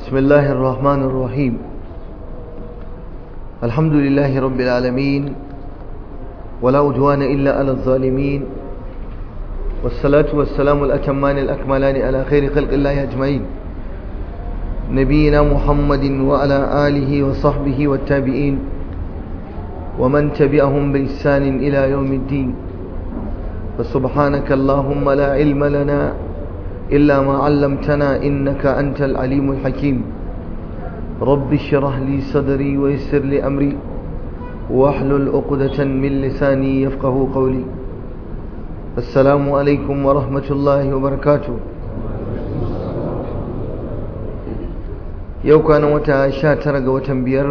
بسم الله الرحمن الرحيم الحمد لله رب العالمين ولا عدوان إلا على الظالمين والصلاة والسلام الأتمان الأكملان على خير خلق الله أجمعين نبينا محمد وعلى آله وصحبه والتابعين ومن تبعهم بإحسان إلى يوم الدين فسبحانك اللهم لا علم لنا إلا ما علمتنا إنك أنت العليم الحكيم رب اشرح لي صدري ويسر لي أمري واحلل عقدة من لساني يفقه قولي السلام عليكم ورحمة الله وبركاته yau kwanan wata 19 ga watan biyar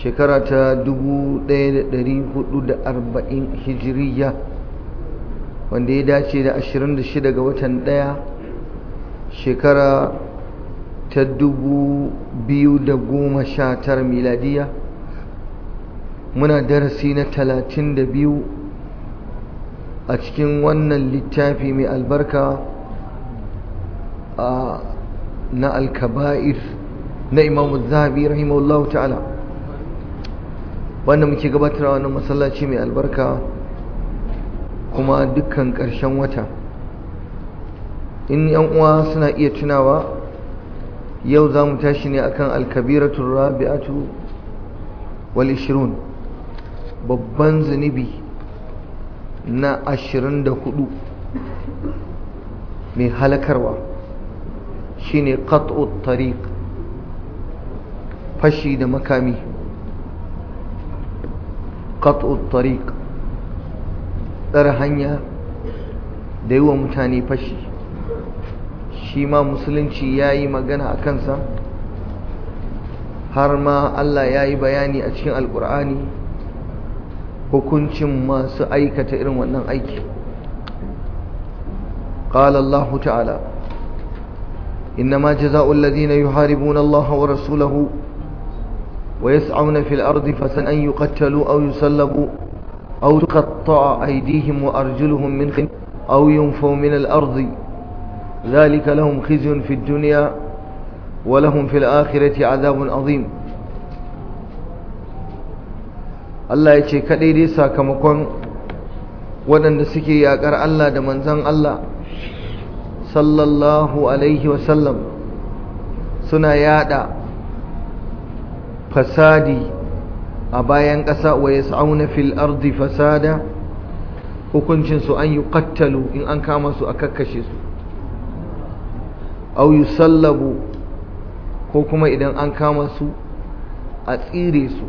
shekara ta 1440 hijiriya wanda ya dace da 26 ga watan ɗaya shekara ta 2019 miladiya muna darasi na 32 a cikin wannan littafi mai albarka na alkaba'ir na imamu zahabi rahimu ta'ala wannan muke gabatar wannan masallaci mai albarka kuma dukkan ƙarshen wata in yan uwa suna iya tunawa yau za mu tashi ne akan alkabiratun rabi'atu wal ishirun babban zunubi na ashirin da hudu mai halakarwa shine qat'ut tariq fashi da makami qat'ut tariq tsara hanya da yi wa mutane fashi shi ma musulunci ya yi magana a kansa har ma Allah ya yi bayani a cikin alkur'ani hukuncin masu aikata irin wannan aiki قال الله تعالى إنما جزاء الذين يحاربون الله ورسوله ويسعون في الأرض فسن أن يقتلوا أو يسلبوا أو تقطع أيديهم وأرجلهم من خلف أو ينفوا من الأرض ذلك لهم خزي في الدنيا ولهم في الآخرة عذاب عظيم Allah ya ce kaɗai dai sakamakon waɗanda suke yaƙar Allah da manzan Allah sallallahu alaihi wasallam suna yaɗa fasadi a bayan ƙasa waya auna fil ardi fasada hukuncin su an yuqattalu in an kama su a kakkashe su aw yusallabu ko kuma idan an kama su a tsire su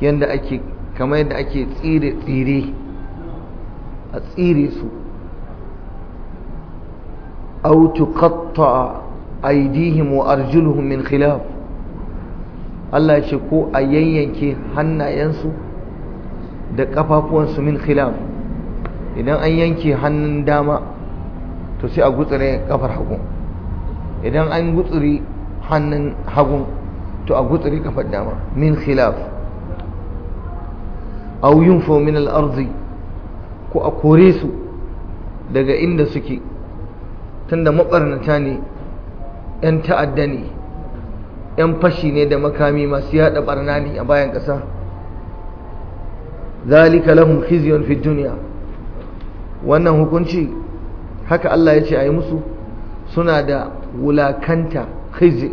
yanda ake kamar yadda ake tsire tsire a tsire su aw tuqatta aydihim wa arjuluhum min khilaf Allah ya ce ko a yayyanke hannayensu da kafafuwansu min khilaf idan an yanke hannun dama to sai a gutsure kafar hagu idan an gutsuri hannun hagu to a gutsire kafar dama min khilaf aw yunfu min al ard ko a kore su daga inda suke tunda makarnata ne 'yan ta'adda ne 'yan fashi ne da makami masu yada barnani a bayan ƙasa zalika lahum khizyun fi dunya wannan hukunci haka Allah ya ce a yi musu suna da wulakanta khizy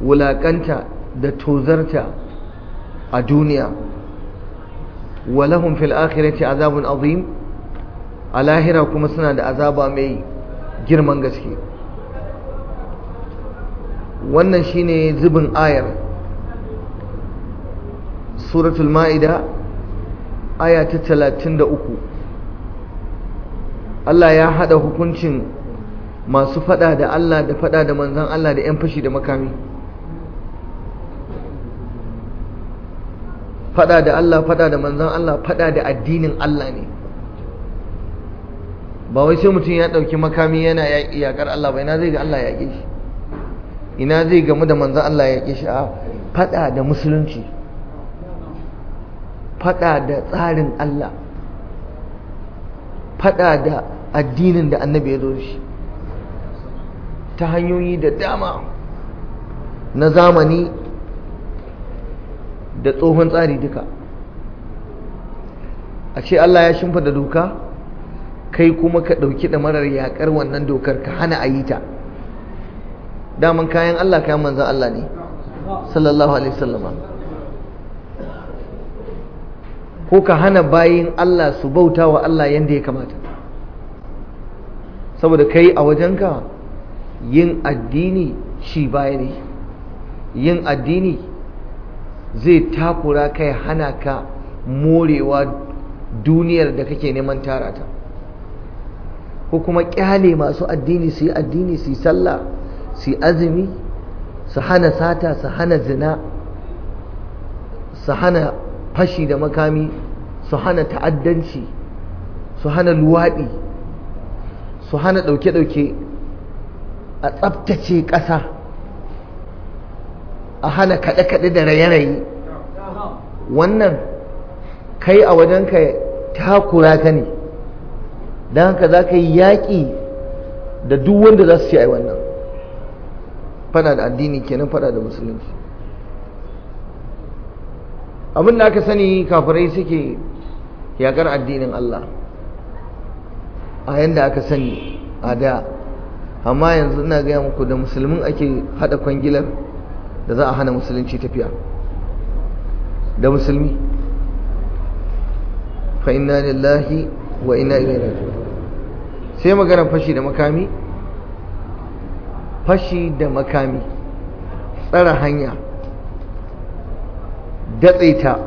wulakanta da tozarta a duniya walahum fil akhirati azabun azim a lahira kuma suna da azaba mai girman gaske wannan shine zubin ayar suratul ma'ida aya ta 33 Allah ya hada hukuncin masu fada da Allah da fada da manzon Allah da 'yan fashi da makami fada da Allah fada da manzon Allah fada da addinin Allah ne ba wai sai mutum ya dauki makami yana yaƙi yaƙar Allah bai na zai ga Allah yaƙe shi ina zai gamu da manzan Allah ya ƙi sha'a Faɗa da musulunci fada da tsarin Allah faɗa da addinin da annabi ya zo shi ta hanyoyi da dama na zamani da tsohon tsari duka a ce Allah ya shimfa da doka kai kuma ka ɗauki ɗamarar yaƙar wannan dokar ka hana a yi ta daman kayan Allah kayan manzan Allah ne sallallahu alaihi sallama ko ka hana bayin Allah su bauta wa Allah yadda ya kamata saboda kai a wajenka yin addini shi baya ne yin addini zai takura kai hana ka morewa duniyar da kake neman tara ta ko kuma kyale masu addini su yi addini su yi sallah su azumi su hana sata su hana zina su hana fashi da makami su hana ta'addanci su hana luwaɗi su hana ɗauke-ɗauke a tsabtace ƙasa a hana kaɗe-kaɗe da raye-raye wannan kai a wajenka takura ka ne don haka za ka yi yaƙi da duk wanda za su ce yi wannan fada da addini kenan fada da musulunci abin da aka sani kafirai suke yakar addinin Allah a yanda aka sani a da amma yanzu ina gaya muku da musulmin ake hada kwangilar da za a hana musulunci tafiya da musulmi fa inna lillahi wa inna ilaihi raji'un sai maganar fashi da makami fashi da makami tsara hanya datse ta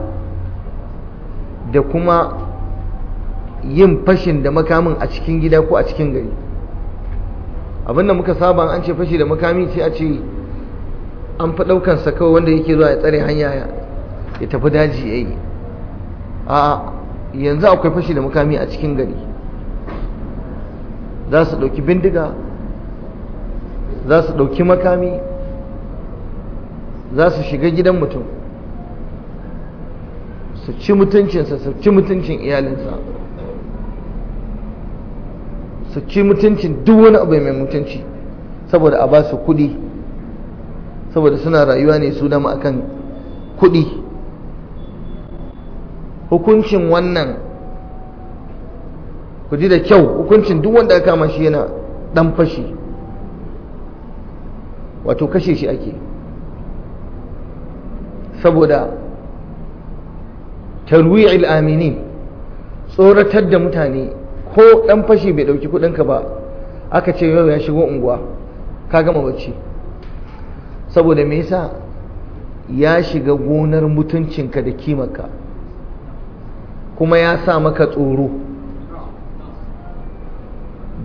da kuma yin fashin da makamin a cikin gida ko a cikin gari abinda muka saba an ce fashi da makami sai a ce an fi ɗaukansa kawai wanda yake zuwa ya tsare hanya ya tafi daji ya yi a yanzu akwai fashi da makami a cikin gari za su ɗauki bindiga za su ɗauki makami za su shiga gidan mutum su ci mutuncinsa su ci mutuncin iyalinsa su ci mutuncin duk wani abu mai mutunci saboda a ba su kuɗi saboda suna rayuwa ne su dama akan kuɗi hukuncin wannan ku ji da kyau hukuncin duk wanda aka kama shi yana ɗan fashi wato kashe shi ake saboda tarwi'il aminin tsoratar da mutane ko dan fashi bai dauki kudinka ba aka ce yau ya shigo unguwa ka gama bacci saboda me yasa ya shiga gonar mutuncinka da kimarka kuma ya sa maka tsoro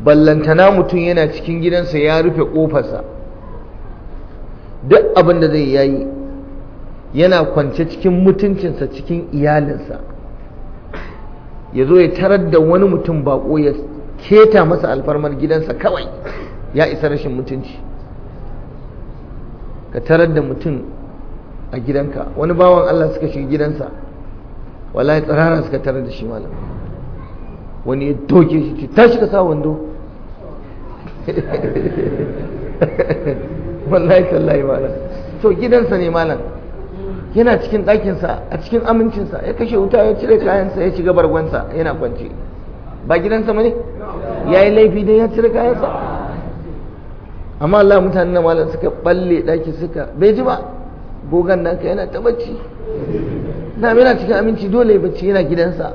ballantana mutum yana cikin gidansa ya rufe kofarsa duk abin da zai yayi yana kwance cikin mutuncinsa cikin iyalinsa ya zo ya tarar da wani mutum bako ya keta masa alfarmar gidansa kawai ya isa rashin mutunci ka tarar da mutum a gidanka wani bawan Allah suka shiga gidansa wallahi tsarara suka tarar da shi malam wani ya doke shi ta ka sa wando wallahi tallahi malam to gidansa ne malam yana cikin ɗakinsa a cikin amincinsa ya kashe wuta ya cire kayansa ya shiga bargonsa yana kwance ba gidansa ba ne ya yi laifi don ya cire kayansa amma Allah mutanen na malam suka balle ɗaki suka bai ji ba gogan nan ka yana ta bacci na yana cikin aminci dole bacci yana gidansa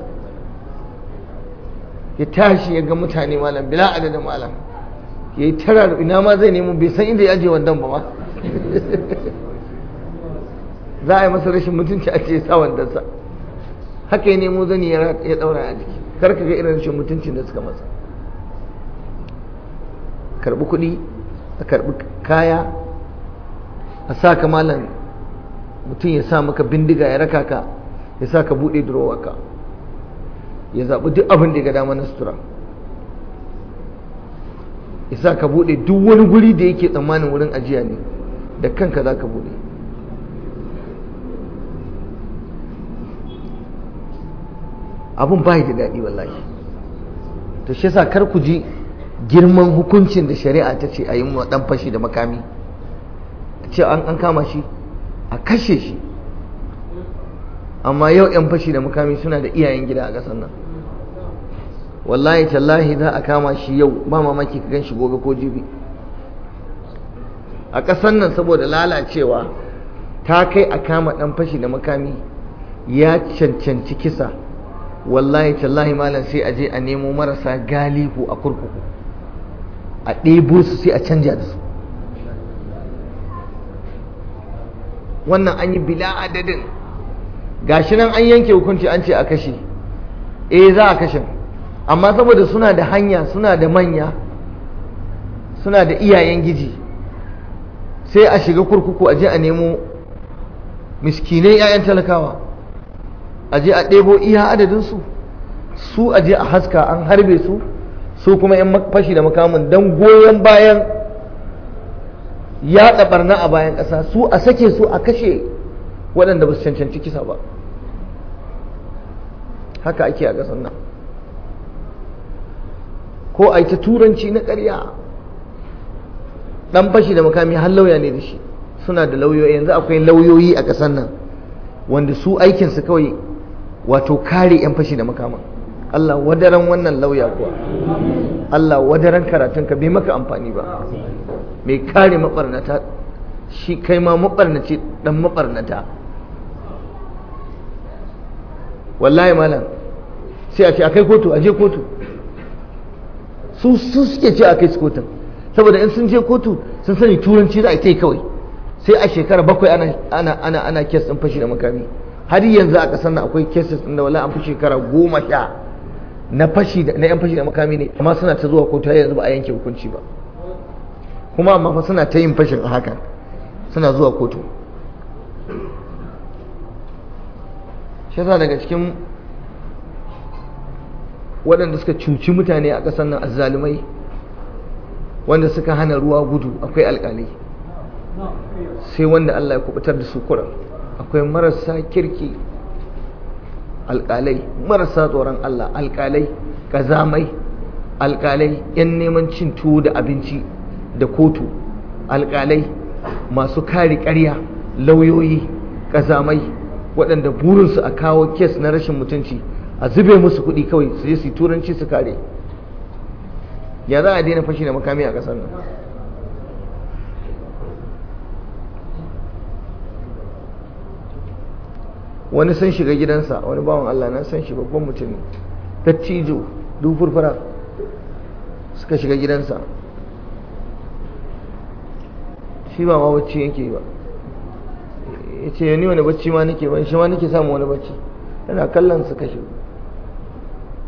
ya tashi ya ga mutane malam bila adadin malam ya yi tara ina ma zai nemo bai san inda ya ajiye wandon ba ma za a yi masa rashin mutunci a ce ya sa sa haka ya nemo zani ya daura a jiki kar ka ga irin rashin mutuncin da suka masa karbi kuɗi a karbi kaya a sa ka malam mutum ya sa maka bindiga ya raka ka ya sa ka buɗe durowa ka ya zaɓi duk abin da ya ga dama na sutura isa ka bude duk wani guri da yake tsammanin wurin ajiya ne da kanka za ka bude abun bayi da daɗi wallahi to shi sa kar ku ji girman hukuncin da shari'a ta ce a yi dan fashi da makami a ce an kama shi a kashe shi amma yau 'yan fashi da makami suna da iyayen gida a ƙasar nan wallahi tallahi za a kama shi yau ba mamaki ka gan shi gobe ko jibi a ƙasar nan saboda lalacewa ta kai a kama ɗan fashi da makami ya cancanci kisa wallahi tallahi malam sai a je a nemo marasa galihu a kurkuku a ɗebo su sai a canja da su wannan an yi bila adadin gashi nan an yanke hukunci an ce a kashe eh za a kashe amma saboda suna da hanya suna da manya suna da iyayen giji sai a shiga kurkuku a je a nemo miskinai 'ya'yan talakawa a je a ɗebo iya adadinsu su a je a haska an harbe su su kuma 'yan fashi da makamin don goyon bayan yaɗa barna a bayan ƙasa su a sake su a kashe waɗanda ba su cancanci kisa ba haka ake a ƙasar nan ko a ta turanci na ƙarya dan fashi da makami har lauya ne da shi suna da lauyoyi yanzu akwai lauyoyi a ƙasar nan wanda su aikinsu kawai wato kare 'yan fashi da makaman Allah wadaran wannan lauya kuwa Allah wadaran karatunka bai maka amfani ba mai kare maɓarnata shi kai ma maɓarnaci ɗan maɓarnata wallahi malam sai a ce a kai kotu a je kotu su su suke ce a kai su kotun saboda in sun je kotu sun sani turanci za a ta yi kawai sai a shekara bakwai ana ana ana ana kes din fashi da makami har yanzu a kasar nan akwai cases din da wala an fi shekara goma sha na fashi na yan fashi da makami ne amma suna ta zuwa kotu har yanzu ba a yanke hukunci ba kuma amma fa suna ta yin fashin a hakan suna zuwa kotu shi daga cikin waɗanda suka cuci mutane a ƙasar nan azzalumai wanda suka hana ruwa gudu akwai alƙalai sai wanda Allah ya kubutar da su kuran akwai marasa kirki alƙalai marasa tsoron Allah alƙalai ƙazamai alƙalai 'yan neman cin tuwo da abinci da kotu alƙalai masu kare ƙarya lauyoyi ƙazamai waɗanda burinsu a kawo kes na rashin mutunci a zube musu kuɗi kawai su je su turanci su kare ya za a daina fashi da makami a ƙasar nan wani sun shiga gidansa wani bawan Allah na san shi babban mutum ne duk dufurfura suka shiga gidansa shi ba ma bacci yake ba ya ce ni wani bacci ma nake ban shi ma nake samun wani bacci yana kallon suka shiga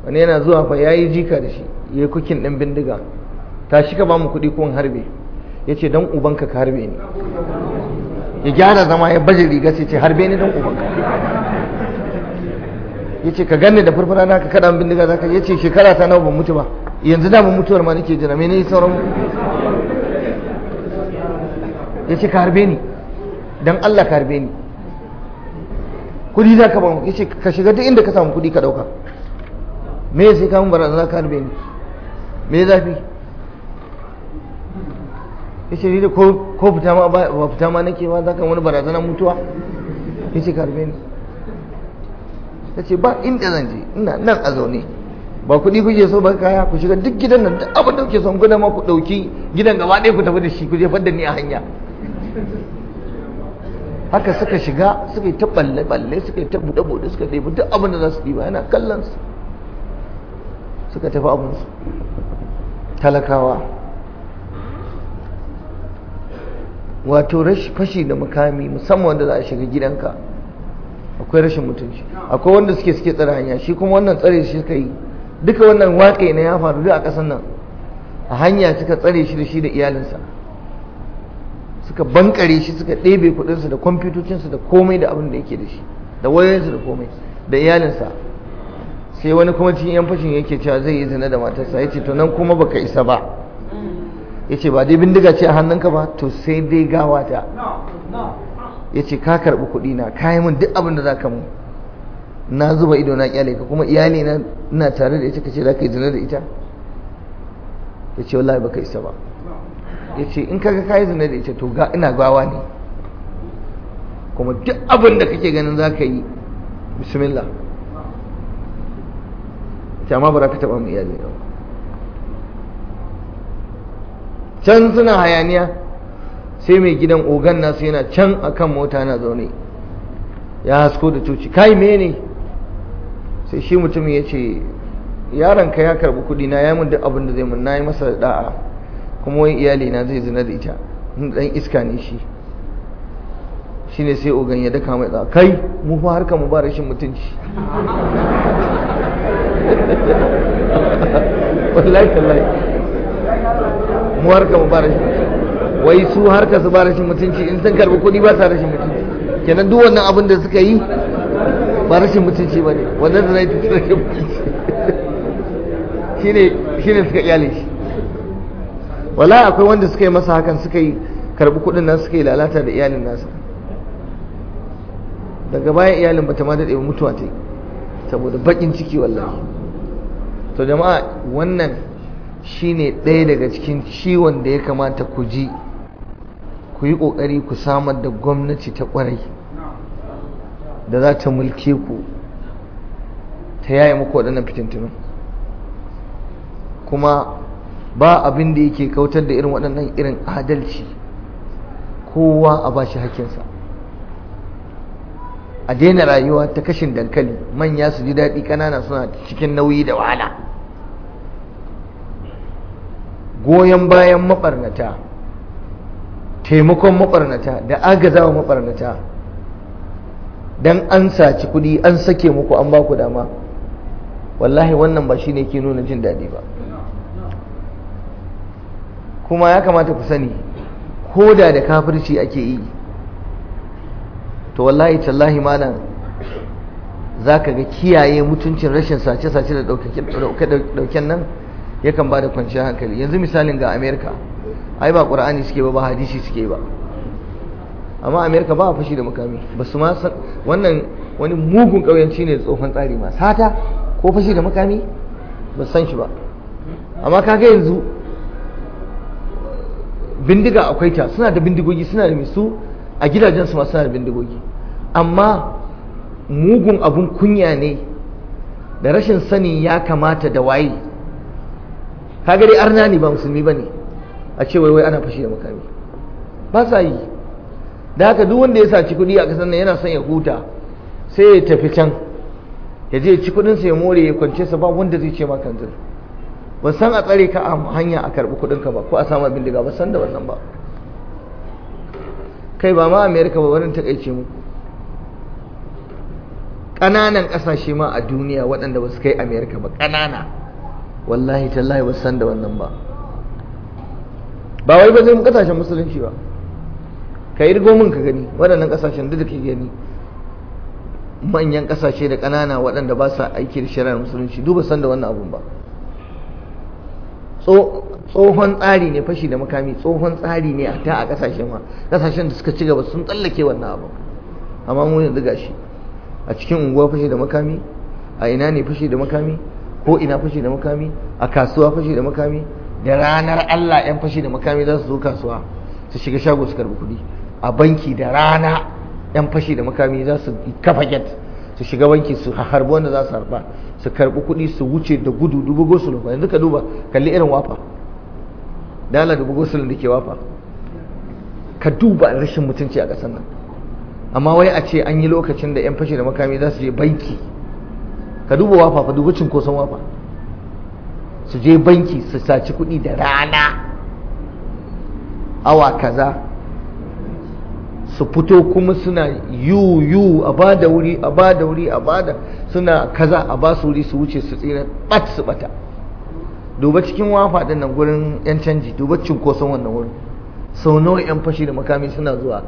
wani yana zuwa fa yayi jika da shi ya yi kukin ɗin bindiga shi ka ba mu kuɗi ko harbe ya ce don ubanka ka harbe ni ya gyara zama ya baje riga ce harbe ni don ubanka ya ce ka ganni da furfura na ka kaɗa bindiga ya ce shekara ta nawa ban mutu ba yanzu da ban mutuwar ma nake jira menene sauran ce ka harbe ni don Allah ka harbe ni kudi zaka ba mu yace ka shiga duk inda ka samu kuɗi ka ɗauka. me sai mun barazana ka harbe ni me zafi ya ce ni da ko fita ma ba fita ma nake ba za ka wani barazana mutuwa ya ce ka harbe ni ta ce ba inda zan je ina nan a zaune ba kuɗi kuke so ba kaya ku shiga duk gidan nan duk abin da kuke son gudan ma ku ɗauki gidan gaba ɗaya ku tafi da shi ku jefar da ni a hanya haka suka shiga suka yi ta balle-balle suka yi ta buɗe-buɗe suka ɗebi duk abin da za su ɗiba yana kallon su suka tafi abinsu talakawa wato rashin fashi da mukami musamman wanda za a shiga gidanka akwai rashin mutunci akwai wanda suke suke tsare hanya shi kuma wannan tsare shi suka yi duka wannan waƙe na ya faru duk a ƙasar nan a hanya suka tsare shi da shi da iyalinsa suka bankare shi suka ɗebe kuɗinsa da kwamfutocinsa da komai da abin da yake da shi da wayoyinsa da komai da iyalinsa sai wani kuma cikin yan fashin yake cewa zai yi zina da matarsa yace to nan kuma baka isa ba yace ba dai bindiga ce a hannunka ba to sai dai gawa ta yace ka karbi kuɗi na kayi min duk abin da ka mu na zuba ido na kyale ka kuma iyali na ina tare da ita kace ka yi zina da ita yace wallahi baka isa ba yace in kaga kayi zina da ita to ga ina gawa ne kuma duk abin da kake ganin za ka yi bismillah ce ma ba za ka taɓa mu iyali ba can suna hayaniya sai mai gidan ogan nasu yana can akan mota na zaune ya hasko da coci kai me ne?" sai shi mutumin ya ce yaron ka ya karbi kudi na ya mun duk abin da zai mun na yi masa da'a kuma wani iyali na zai zina da ita dan iska ne shi shine sai ogan ya daka mai kai mu fa harka mu ba rashin mutunci wallahi mu harka mu ba rashin wai su harka su ba rashin mutunci in sun karbi kuɗi ba sa rashin mutunci kenan duk wannan abin da suka yi ba rashin mutunci ba ne wannan da zai ta rashin mutunci shine shine suka iyale shi wala akwai wanda suka yi masa hakan suka yi karbi kudin nan suka yi lalata da iyalin nasa daga bayan iyalin bata ma daɗe mutuwa ta yi saboda baƙin ciki wallahi to jama'a wannan shine ɗaya daga cikin ciwon da ya kamata ku ji ku yi ƙoƙari ku samar da gwamnati ta ƙwarai da za ta mulke ku ta yaya muku waɗannan fitintunan kuma ba abin da yake kautar da irin waɗannan irin adalci kowa a ba shi hakinsa a daina rayuwa ta kashin dankali manya su ji daɗi ƙanana suna cikin nauyi da wahala goyon bayan mabarnata taimakon mabarnata da agazawa mabarnata don an saci kudi an sake muku an ba ku dama wallahi wannan ba shine ke nuna jin daɗi ba kuma ya kamata ku sani ko da da kafirci ake yi to wallahi tallahi nan za ka ga kiyaye mutuncin rashin sace-sace da ɗauken nan yakan ba da kwanciyar hankali yanzu misalin ga amerika ai ba ƙura'ani suke ba ba hadisi suke ba amma amerika ba a fashi da makami ba su ma wannan wani mugun ƙauyanci ne tsohon tsari ma sata ko fashi da makami ba san shi ba amma kaga yanzu bindiga akwai ta suna da bindigogi suna da su a gidajen su ma suna da bindigogi amma mugun abun kunya ne da rashin sani ya kamata da waye kaga dai arna ne ba musulmi bane a ce wai wai ana fashi da makami ba sa yi da haka duk wanda ya saci kuɗi a ƙasar nan yana son ya huta sai ya tafi can ya je ci kuɗinsa ya more ya kwance sa ba wanda zai ce ma kan zai ba san a tsare ka a hanya a karɓi kuɗinka ba ko a samu bindiga ba san da wannan ba kai ba ma amerika ba wani takaice mu ƙananan ƙasashe ma a duniya waɗanda ba su kai amerika ba ƙanana wallahi tallahi ba san da wannan ba ba wai ba zai mu kasashen musulunci ba ka yi mun ka gani waɗannan kasashen da ke gani manyan kasashe da ƙanana waɗanda ba sa aiki da shari'ar musulunci duba san da wannan abun ba tsohon tsari ne fashi da makami tsohon tsari ne a ta a kasashen ma kasashen da suka ci gaba sun tsallake wannan abu amma mu yanzu gashi a cikin unguwa fashi da makami a ina ne fashi da makami ko ina fashi da makami a kasuwa fashi da makami da ranar Allah yan fashi da makami za su zo kasuwa su shiga shago su karbi kuɗi a banki da rana yan fashi da makami za su kafa get su shiga banki su harbi wanda za su harba su karbi kuɗi su wuce da gudu dubu gosulun ba yanzu ka duba kalli irin wafa dala dubu gosulun da ke wafa ka duba rashin mutunci a ƙasar nan amma wai a ce an yi lokacin da 'yan fashe da makami za su je banki ka duba wafa fa duba cinkoson wafa su je banki su saci kuɗi da rana awa kaza su fito kuma suna yu yu a ba da wuri a ba da wuri a ba da suna kaza a ba su wuri su wuce su tsira bat su bata duba cikin wafa din nan gurin yan canji duba cinkoson wannan wurin sau nawa yan fashi da makami suna zuwa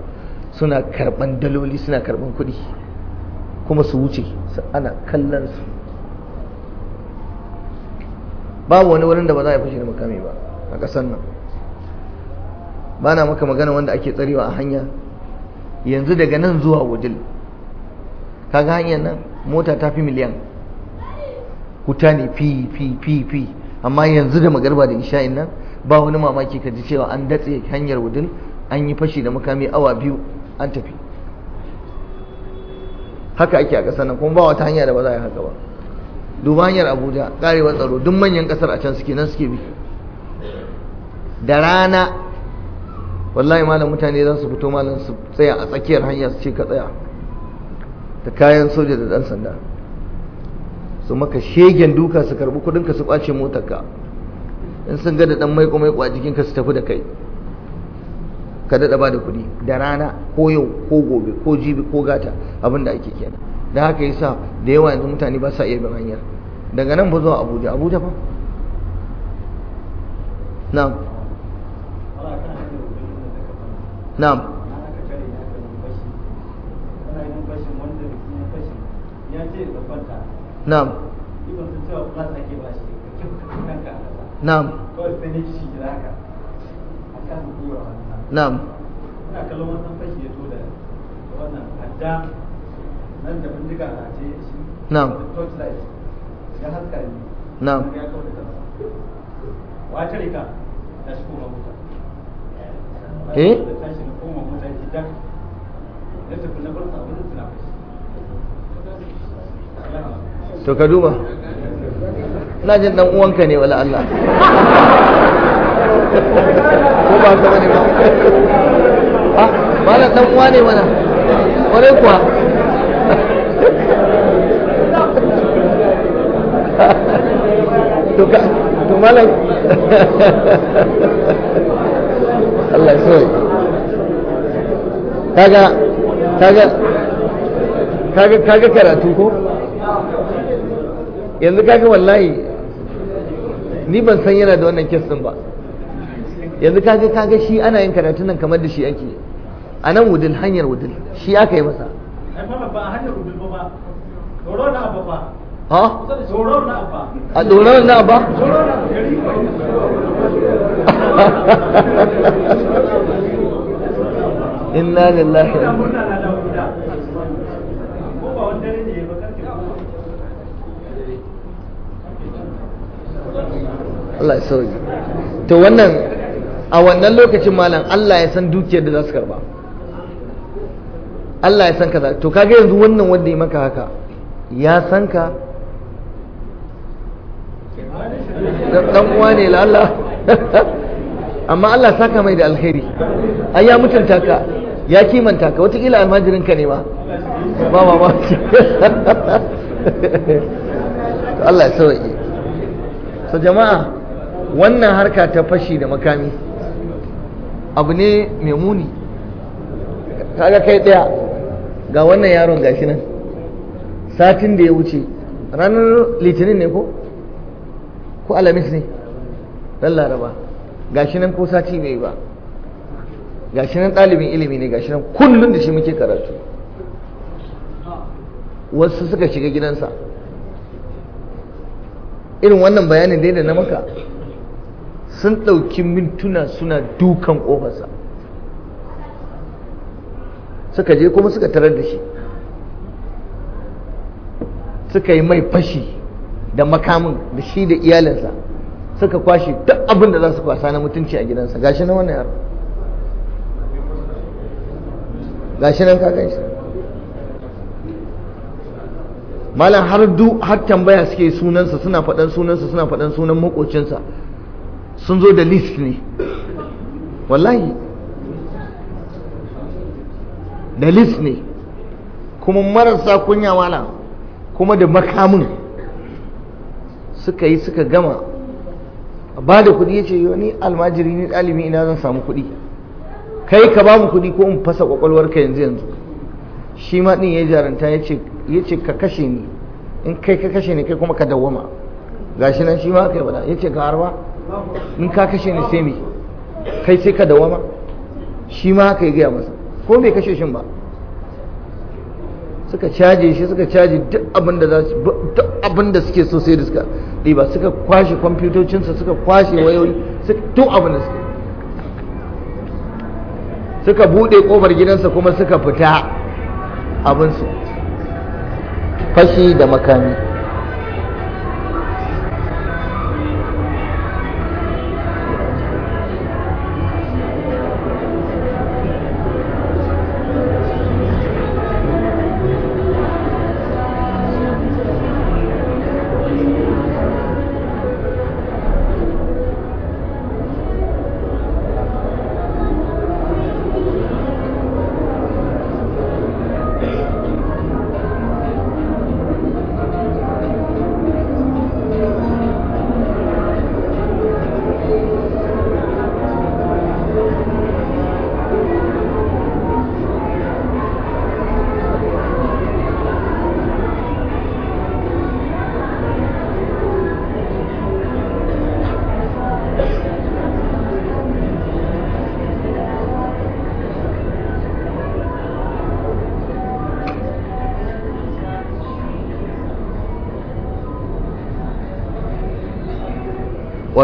suna karban daloli suna karban kuɗi kuma su wuce su ana kallon su babu wani wurin da ba za a yi fashe da makami ba a ƙasar nan ba na maka magana wanda ake tsarewa a hanya yanzu daga nan zuwa wudil kaga hanyar nan mota ta fi miliyan kuta ne fi fi fi fi amma yanzu da magarba da isha'in nan ba wani mamaki ka ji cewa an datse hanyar wudil an yi fashi da makami awa biyu an tafi haka ake a ƙasar nan kuma ba wata hanya da ba za a yi haka ba duba hanyar abuja karewar tsaro duk manyan ƙasar a can suke nan suke bi da rana wallahi malam mutane za su fito malam su tsaya a tsakiyar hanya su ce ka tsaya da kayan soja da ɗan sanda su maka shegen duka su karɓi kuɗinka su ƙwace motarka in sun ga da ɗan maiko maiko a jikinka su tafi da kai ka daɗa ba da kuɗi da rana ko yau ko gobe ko jibi ko gata abin da ake kenan da haka yasa da yawa yanzu mutane ba sa iya bin hanyar daga nan ba zuwa abuja abuja fa na'am na'am na'am na'am na'am ina kallon wannan fashi ya to da wannan adda nan da bindiga a ce shi na'am torchlight ya haska ni na'am ya kawo da wa wace rika ta shi koma mota eh ta shi na koma mota ki da ya tafi na barsa abin da tana to ka duba na jin dan uwanka ne wala Allah ko ba ka bane ba ah mala dan uwa ne mana kwarai kuwa to ka to malam Allah ya soyi kaga kaga kaga kaga karatu ko yanzu kaga wallahi ni ban san yana da wannan kes ba yanzu kaga kaga shi ana yin karatun nan kamar da shi ake a nan wudil hanyar wudil shi aka yi masa a tsoron na ba? inna lillahi Allah ya sauya to wannan a wannan lokacin malam Allah ya san dukiyar da za su karba Allah ya san ka to kaga yanzu wannan wanda ya maka haka ya san ka dan uwa ne la Allah amma Allah saka mai da alheri. ai ya mutunta ka ya kimanta ka watakila almajirin ka ne ma ba ba ba Allah ya sauke so jama'a wannan harka ta fashi da makami abu ne mai muni kaga kai ɗaya ga wannan yaron gashi nan satin da ya wuce ranar litinin ne ko ko alamis ne ɗan laraba gashi nan ko sati mai ba gashi nan ɗalibin ilimi ne gashi nan kullum da shi muke karatu wasu suka shiga gidansa irin wannan bayanin dai da na maka sun ɗauki mintuna suna dukan ƙofarsa suka je kuma suka tarar da shi suka yi mai fashi da makamin da shi da iyalinsa suka kwashe duk abin da za su kwasa na mutunci a gidansa gashi na wannan yaro gashi nan ka shi malam har du har tambaya suke sunansa suna faɗan sunansa suna faɗan sunan makocinsa sun zo da list ne wallahi da list ne kuma marasa kunya wala kuma da makamun suka yi suka gama ba da kudi ya ce ni almajiri ni dalibi ina zan samu kudi kai ka ba mu kudi ko in fasa ka yanzu yanzu shi ma ɗin ya jaranta ya ce ka kashe ni in kai ka kashe ni kai kuma ka dawwama gashi nan shi ma kai bada ya ce ka harba in ka kashe ni sai me kai sai ka dawama shi ma haka ya gaya masa ko bai kashe shi ba suka caje shi suka caje duk abin da za duk abin da suke so sai da suka ɗiba suka kwashe kwamfutocinsa suka kwashe wayoyi suka duk abin da suke suka buɗe ƙofar gidansa kuma suka fita abinsu fashi da makami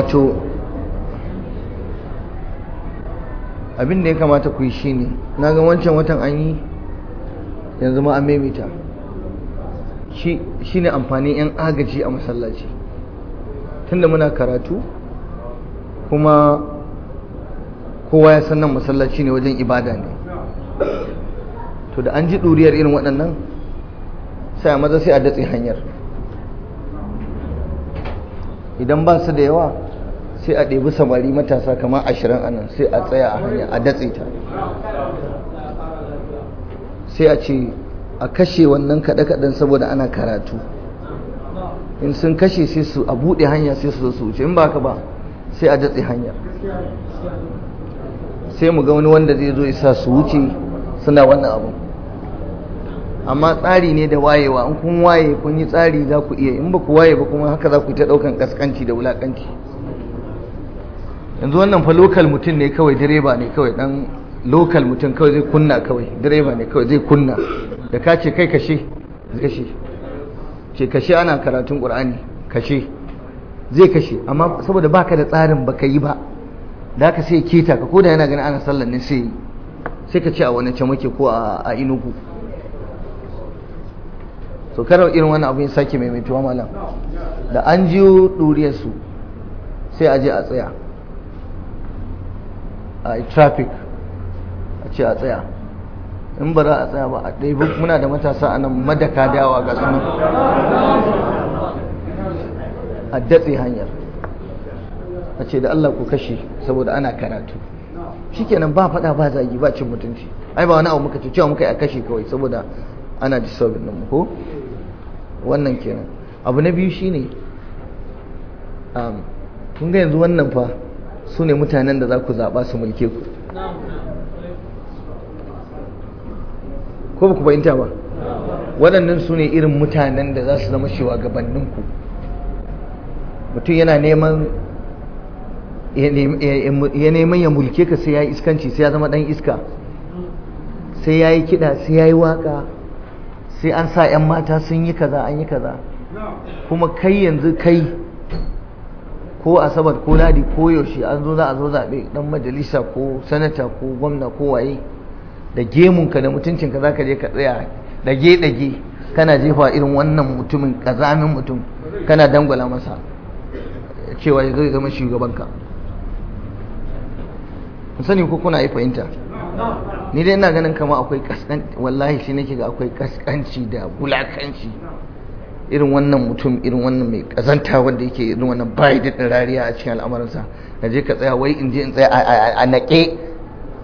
wato abin da ya kamata ku yi shi ne na ga wancan watan an yi yanzu ma an maimita shi ne amfanin 'yan agaji a masallaci tunda muna karatu kuma kowa ya san nan masallaci ne wajen ibada ne to da an ji ɗuriyar irin waɗannan sai a maza sai a datse hanyar idan ba su da yawa sai a ɗebi samari matasa kamar ashirin a nan sai a tsaya a hanya a datse ta sai a ce a kashe wannan kaɗe-kaɗen saboda ana karatu in sun kashe sai su a buɗe hanya sai su su wuce in ba ka ba sai a datse hanya sai mu ga wani wanda zai zo isa su wuce suna wannan abu amma tsari ne da wayewa in kun waye kun yi tsari za ku iya in ba ku waye ba kuma haka za ku ta ɗaukan ƙasƙanci da wulaƙanci yanzu wannan fa lokal mutum ne kawai direba ne kawai dan lokal mutum kawai zai kunna kawai direba ne kawai zai kunna da ka ce kai kashe kashe ce kashe ana karatun qur'ani kashe zai kashe amma saboda baka da tsarin baka yi ba da ka sai keta ka koda yana ganin ana sallar ne sai sai ka ce a wani muke ko a inugu so karar irin wani abin sake maimaituwa malam da an jiyo ɗuriyarsu sai a je a tsaya a traffic a ce a tsaya in ba za a tsaya ba a ɗaya muna da matasa a nan madaka dawa ga sunan a datse hanyar a ce da Allah ku kashe saboda ana karatu kenan ba faɗa ba zagi ba cin mutunci ai ba wani abu muka ce cewa muka yi a kashe kawai saboda ana disturbing ɗin ko wannan kenan abu na biyu shine um, kun ga yanzu wannan fa su ne mutanen da za ku zaɓa su mulke ku ko ba ku ta ba waɗannan su ne irin mutanen da za su zama gabaninku mutum yana neman ya neman ya mulke ka sai ya yi iskanci sai ya zama ɗan iska sai ya yi kiɗa sai ya yi waƙa sai an sa 'yan mata sun yi kaza an yi kaza kuma kai yanzu kai ko asabar ko ladi ko yaushe an zo za a zo zaɓe ɗan majalisa ko sanata ko gwamna ko waye da gemunka da mutuncinka za ka je ka tsaya ɗage-ɗage kana jefa irin wannan mutumin ƙazamin mutum kana dangwala masa cewa ya zai zama shugabanka sani ko kuna yi fahimta ni dai ina ganin kama akwai ƙasƙanci wallahi shi nake ga akwai ƙasƙanci da bulakanci irin wannan mutum irin wannan mai kazanta wanda yake irin wannan bai da rariya a cikin al'amuransa na je ka tsaya wai in je in tsaya a naƙe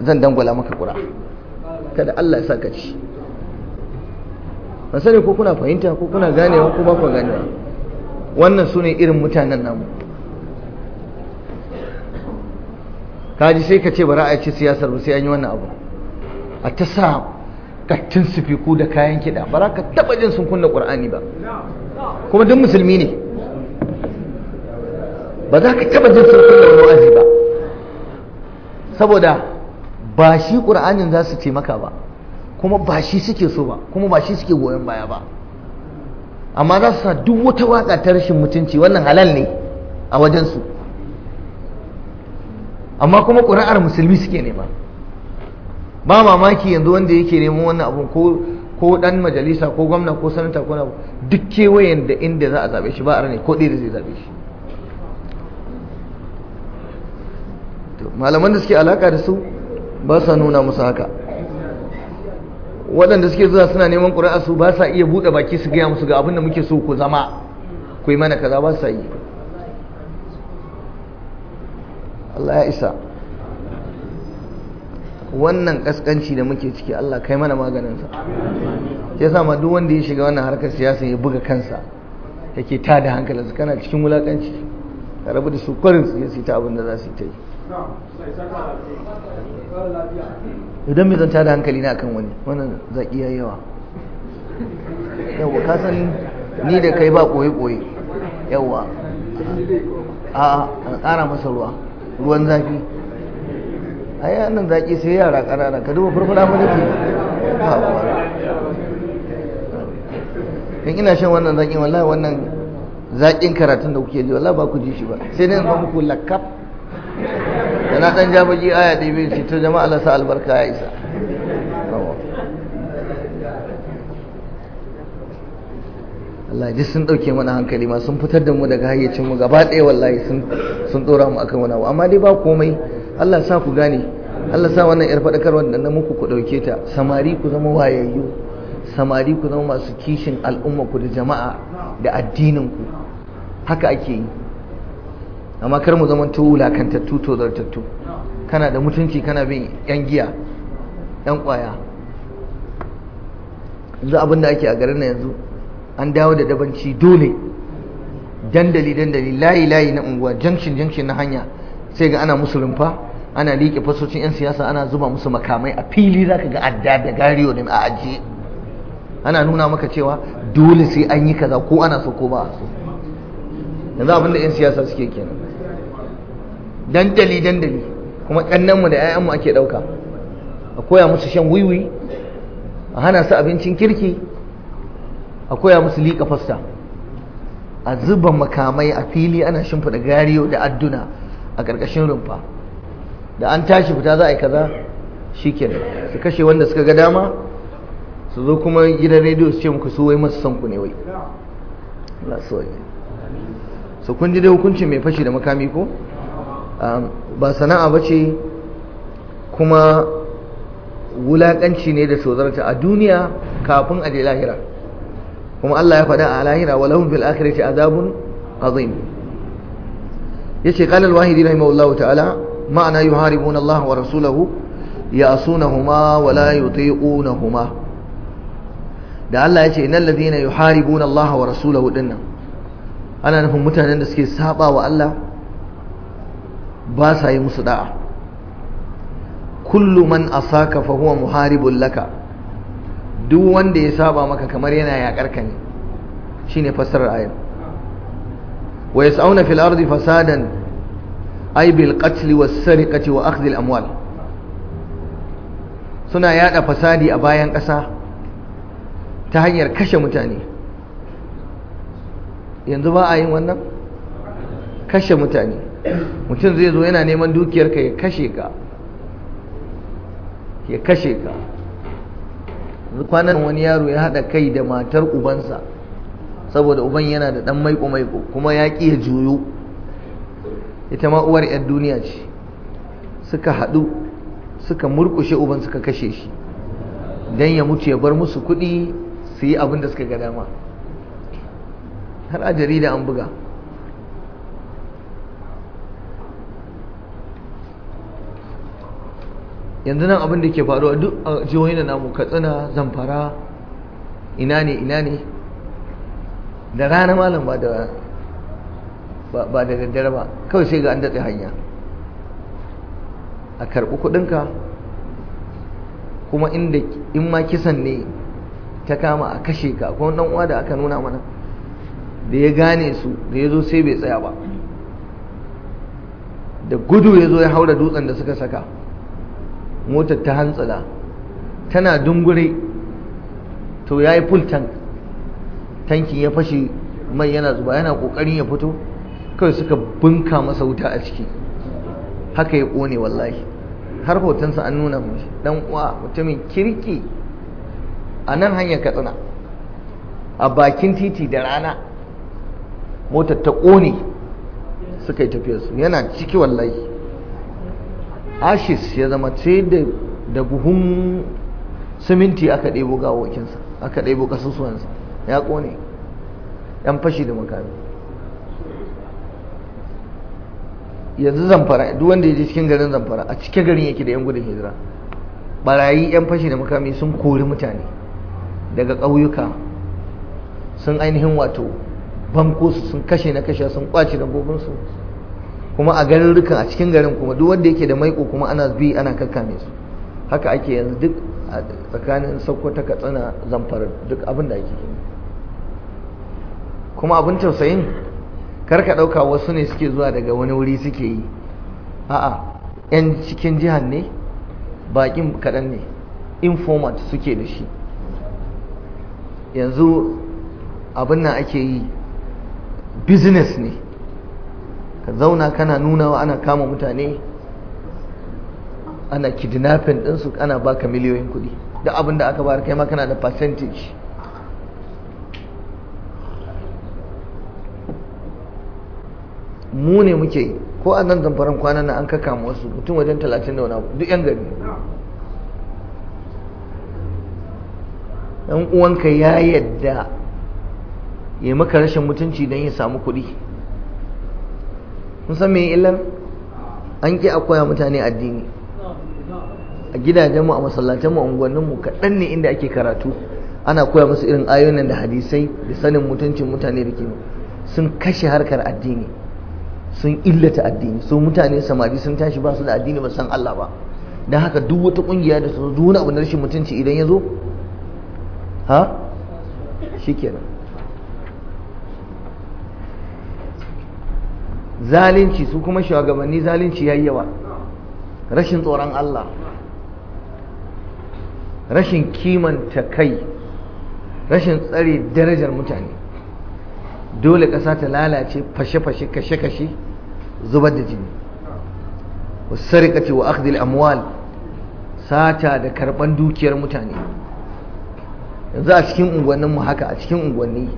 zan dangwala maka ƙura kada Allah ya sa ka ci ban sani ko kuna fahimta ko kuna ganewa ko ba ku ganewa wannan su ne irin mutanen namu Ka ji sai ka ce ba ci siyasar ba sai an yi wannan abu a ta sa kattun sufiku da kayan kiɗa ba za ka taɓa jin sun kunna ƙur'ani ba kuma duk musulmi ne ba za ka taɓa jin sun kunna wa'azi ba saboda ba shi ƙur'anin za su ce maka ba kuma ba shi suke so ba kuma ba shi suke goyon baya ba amma za su sa duk wata waka ta rashin mutunci wannan halal ne a wajensu amma kuma ƙuri'ar musulmi suke nema ba mamaki yanzu wanda yake neman wannan abun ko ko dan majalisa ko gwamna ko sanata ko na duk kewayen da inda za a zabe shi ba a rane ko ɗaya da zai zabe shi malaman da suke alaka da su ba sa nuna musu haka waɗanda suke zuwa suna neman ƙuri'a su ba sa iya buɗe baki su gaya musu ga abin da muke so ku zama ku yi mana kaza ba sa yi Allah ya isa wannan kaskanci da muke ciki Allah kai mana maganinsa ya sa ma duk wanda ya shiga wannan harkar siyasa ya buga kansa yake ta da hankalinsa kana cikin wulakanci ka rabu da su kwarin su yi ta abin da za su yi ta yi idan mai zanta da hankali na kan wani wannan zaƙi ya yawa yawa ka san ni da kai ba koyi koyi yawa a ƙara masa ruwa ruwan zafi ai annan zaki sai yara ƙanana ka duba furfura mu nake in ina shan wannan zakin wallahi wannan zakin karatun da kuke ji wallahi ba ku ji shi ba sai ne ba muku lakab da na dan jabaji aya ɗaya biyu shi? to jama'a Allah sa albarka ya isa Allah ji sun dauke mana hankali ma sun fitar da mu daga hayyacin mu gaba ɗaya wallahi sun sun dora mu akan wani abu amma dai ba komai Allah sa ku gane Allah sa wannan yar faɗakarwar da na muku ku ɗauke ta samari ku zama wayayyu samari ku zama masu kishin al'umma ku da jama'a da addinin ku haka ake yi amma kar mu zama kan tattu to tattu. kana da mutunci kana bin yan giya yan kwaya yanzu abin da ake a garin na yanzu an dawo da dabanci dole dandali dandali layi layi na unguwa junction junction na hanya sai ga ana musulun fa, ana liƙe fasocin 'yan siyasa ana zuba musu makamai a fili za ka ga adda da gariyo ne a ajiye ana nuna maka cewa dole sai an yi kaza ko ana so ko ba a so yanzu abinda 'yan siyasa suke kenan dandali dandali kuma kannanmu da 'ya'yanmu ake ɗauka a koya musu shan wiwi a hana su abincin kirki a koya musu liƙa fasta a zuba makamai a fili ana shimfiɗa gariyo da adduna a ƙarƙashin rumfa da an tashi fita za a yi kaza shikenan su kashe wanda suka ga dama su zo kuma gidan rediyo su ce muku su wai masu son ku ne wai kun ji dai hukuncin mai fashi da makami ko ba sana'a ba ce kuma wulaƙanci ne da sozarta a duniya kafin a je lahira kuma Allah ya faɗa a lahira walahum fil akhirati azabun azim yace qala al-wahidi rahimahullahu ta'ala ma'ana yuharibuna Allah wa rasulahu ya'sunahuma wa la yuti'unahuma da Allah yace innal ladhina yuharibuna Allah wa rasulahu dinnan ana nufin mutanen da suke saba wa Allah ba sa yi musu da'a kullu man asaka fa huwa muharibul laka duk wanda ya saba maka kamar yana yakar ka ne shine fassarar ayat wa yas'auna fil ardi fasadan ay bil qatl was sariqati wa akhdh al amwal suna yada fasadi a bayan ƙasa ta hanyar kashe mutane yanzu ba a yin wannan kashe mutane mutum zai zo yana neman dukiyarka ya kashe ka kwanan wani yaro ya haɗa kai da matar ubansa saboda uban yana da dan maiko maiko kuma ya ƙi ya juyo ita ma uwar yar duniya ce suka haɗu suka murkushe uban suka kashe shi don ya mutu ya bar musu kuɗi su yi abin da suka ga dama har a jarida an buga yanzu nan abin da ke faruwa duk a jihohin da namu katsina zamfara ina ne ina ne da rana malam ba da ba da daddare ba kawai sai ga an datse hanya a karɓi kuɗinka kuma inda in ma kisan ne ta kama a kashe ka Kuma wani uwa da aka nuna mana da ya gane su da ya zo sai bai tsaya ba da gudu ya zo ya haura dutsen da suka saka motar ta hantsala tana dungure to ya yi full tank tankin ya fashe mai yana zuba yana kokarin ya fito kawai suka bunka masa wuta a ciki haka ya kone wallahi har hotonsa an nuna mashi dan uwa mutumin kirki a nan hanyar katsina a bakin titi da rana motar ta kone suka yi tafiyarsu yana ciki wallahi ashis ya zama ce da buhun siminti aka ɗebo ga wakinsa aka ɗebo ƙasusuwansa ya kone yan fashi da makami yanzu zamfara duk wanda ya je cikin garin zamfara a cike garin yake da yan gudun hijira barayi yan fashi da makami sun kori mutane daga ƙauyuka sun ainihin wato banko su sun kashe na kashe sun kwace gobinsu kuma a garin garurrukan a cikin garin kuma duk wanda yake da maiko kuma ana bi ana kakkame su haka ake yanzu duk a tsakanin sauko ta katsina zamfara duk abin da ake kuma abin tausayin karka ɗauka wasu ne suke zuwa daga wani wuri suke yi a'a 'yan cikin jihar ne baƙin kaɗan ne informat suke da shi yanzu abin nan ake yi business ne ka zauna kana nunawa ana kama mutane ana kidnapping ɗinsu ana baka miliyoyin kuɗi da abin da aka bayar kai ma kana da percentage mu ne muke yi ko a nan zamfaran kwanan na an kaka wasu mutum wajen talatin da wani abu duk yan gari dan uwanka ya yadda ya maka rashin mutunci don ya samu kuɗi kun san me illar an ki a koya mutane addini a gidajenmu a masallatanmu a unguwanninmu kaɗan ne inda ake karatu ana koya musu irin ayoyin da hadisai da sanin mutuncin mutane da sun kashe harkar addini sun illata addini su mutane samari sun tashi ba su da addini ba san Allah ba don haka duk wata kungiya da sun zo abu na rashin mutunci idan ya zo ha kenan zalunci su kuma shugabanni zalunci yi yawa rashin tsoron Allah rashin kimanta kai rashin tsare darajar mutane dole ƙasa ta lalace fashe-fashe kashe-kashe zubar da jini wasu sarƙace wa akhdil amwal sata da karɓan dukiyar mutane yanzu a cikin unguwanninmu haka a cikin unguwanni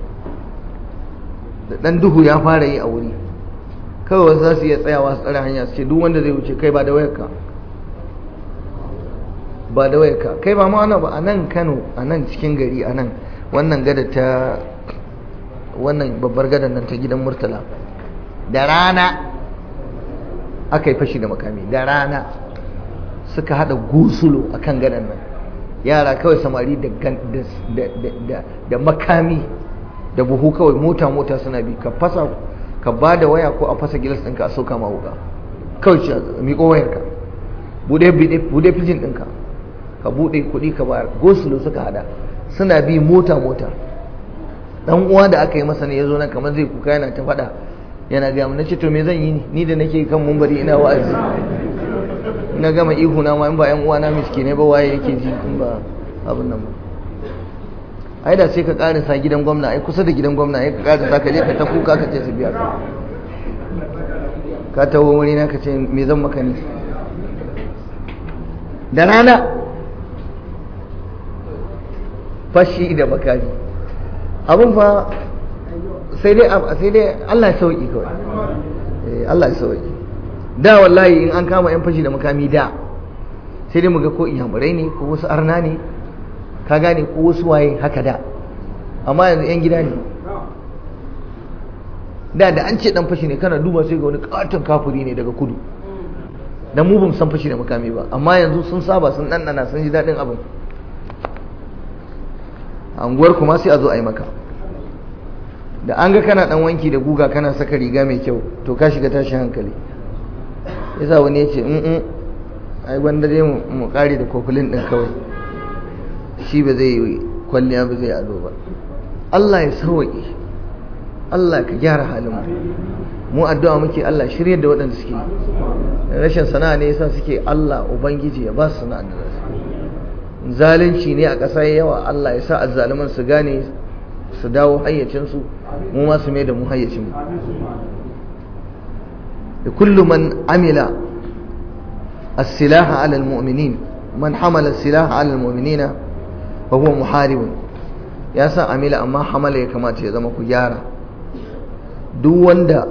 da ɗan duhu ya fara yi a wuri kawai wasu za su iya tsayawa su tsare hanya su ce duk wanda zai wuce kai ba da wayarka ba da wayarka kai ba ma wani ba a nan kano a nan cikin gari a nan wannan gada ta wannan babbar gadan nan ta gidan murtala da rana aka yi fashi da makami da rana suka hada gusulo a kan gadan nan yara kawai samari da makami da buhu kawai mota-mota suna bi ka fasa ka ba da waya ko a fasa gilas ɗinka a sauka ma wuka kawai shi a miƙo wayarka buɗe fijin ɗinka ka buɗe kuɗi ka bayar gosulo suka hada suna bi mota-mota ɗan uwa da aka yi masa ne ya zo nan kamar zai kuka yana ta faɗa yana gaya mun ce to me zan yi ni da nake kan mumbari ina wa'azi na gama ihu na ma in ba yan uwa na ne ba waye yake ji in ba abin nan ba ai da sai ka sa gidan gwamna ai kusa da gidan gwamna ai ka sa ka je ka ta kuka ka ce su biya ka ka tawo wuri na ka ce me zan maka ni da rana fashi da makari abin fa sai dai sai dai Allah ya sauki kawai eh Allah ya sauki da wallahi in an kama yan fashi da makami da sai dai mu ga ko iyamurai ne ko wasu arna ne ka gane ko wasu waye haka da amma yanzu yan gida ne da da an ce dan fashi ne kana duba sai ga wani katon kafuri ne daga kudu da mu bamu san fashi da makami ba amma yanzu sun saba sun ɗanɗana sun ji daɗin abin anguwar kuma sai a zo a yi maka da an ga kana dan wanki da guga kana saka riga mai kyau to ka shiga tashin hankali yasa wani ya ce in ai gwanda dai mu kare da kofulin din kawai shi ba zai yi kwalliya ba zai ado ba Allah ya sauwaƙe Allah ka gyara halin mu addu'a muke Allah shiryar da waɗanda suke rashin sana'a ne yasa suke Allah ubangiji ya ba su sana'a da zalunci ne a ƙasa yawa Allah ya sa azzaluman su gane su dawo hayyacinsu mu ma su mai da mu da kullu man amila as-silaha 'ala al-mu'minin man hamala as-silaha 'ala al-mu'minina wa huwa muharibun ya sa amila amma hamala ya kamata ya zama ku gyara duk wanda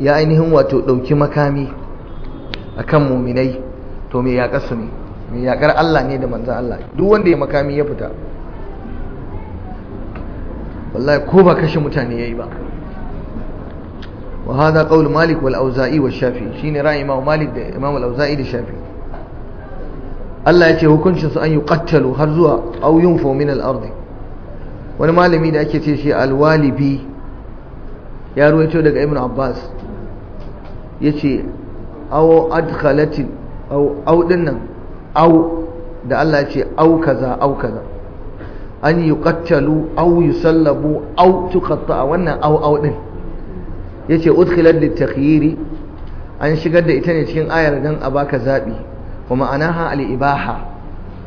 ya ainihin wato dauki makami akan mu'minai to me ya kasu ne me yakar Allah ne da manzo Allah duk wanda ya makami ya fita wallahi ko ba kashe mutane yayi ba wa hada qaul malik wal auza'i wa shafi shine ra'ayin imam malik da imam al auza'i da shafi Allah ya ce hukuncin su an yuqattalu har zuwa aw yunfu min al ardi wani malami da ake ce shi al walibi ya ruwaito daga ibn abbas yace aw adkhalatin aw aw dinnan aw da Allah ya ce aw kaza aw kaza an yi yi sallabu au aw a wannan au au din yace utkilar litakhyiri an shigar da ita ne cikin ayar don a baka zaɓi wa ma'anaha al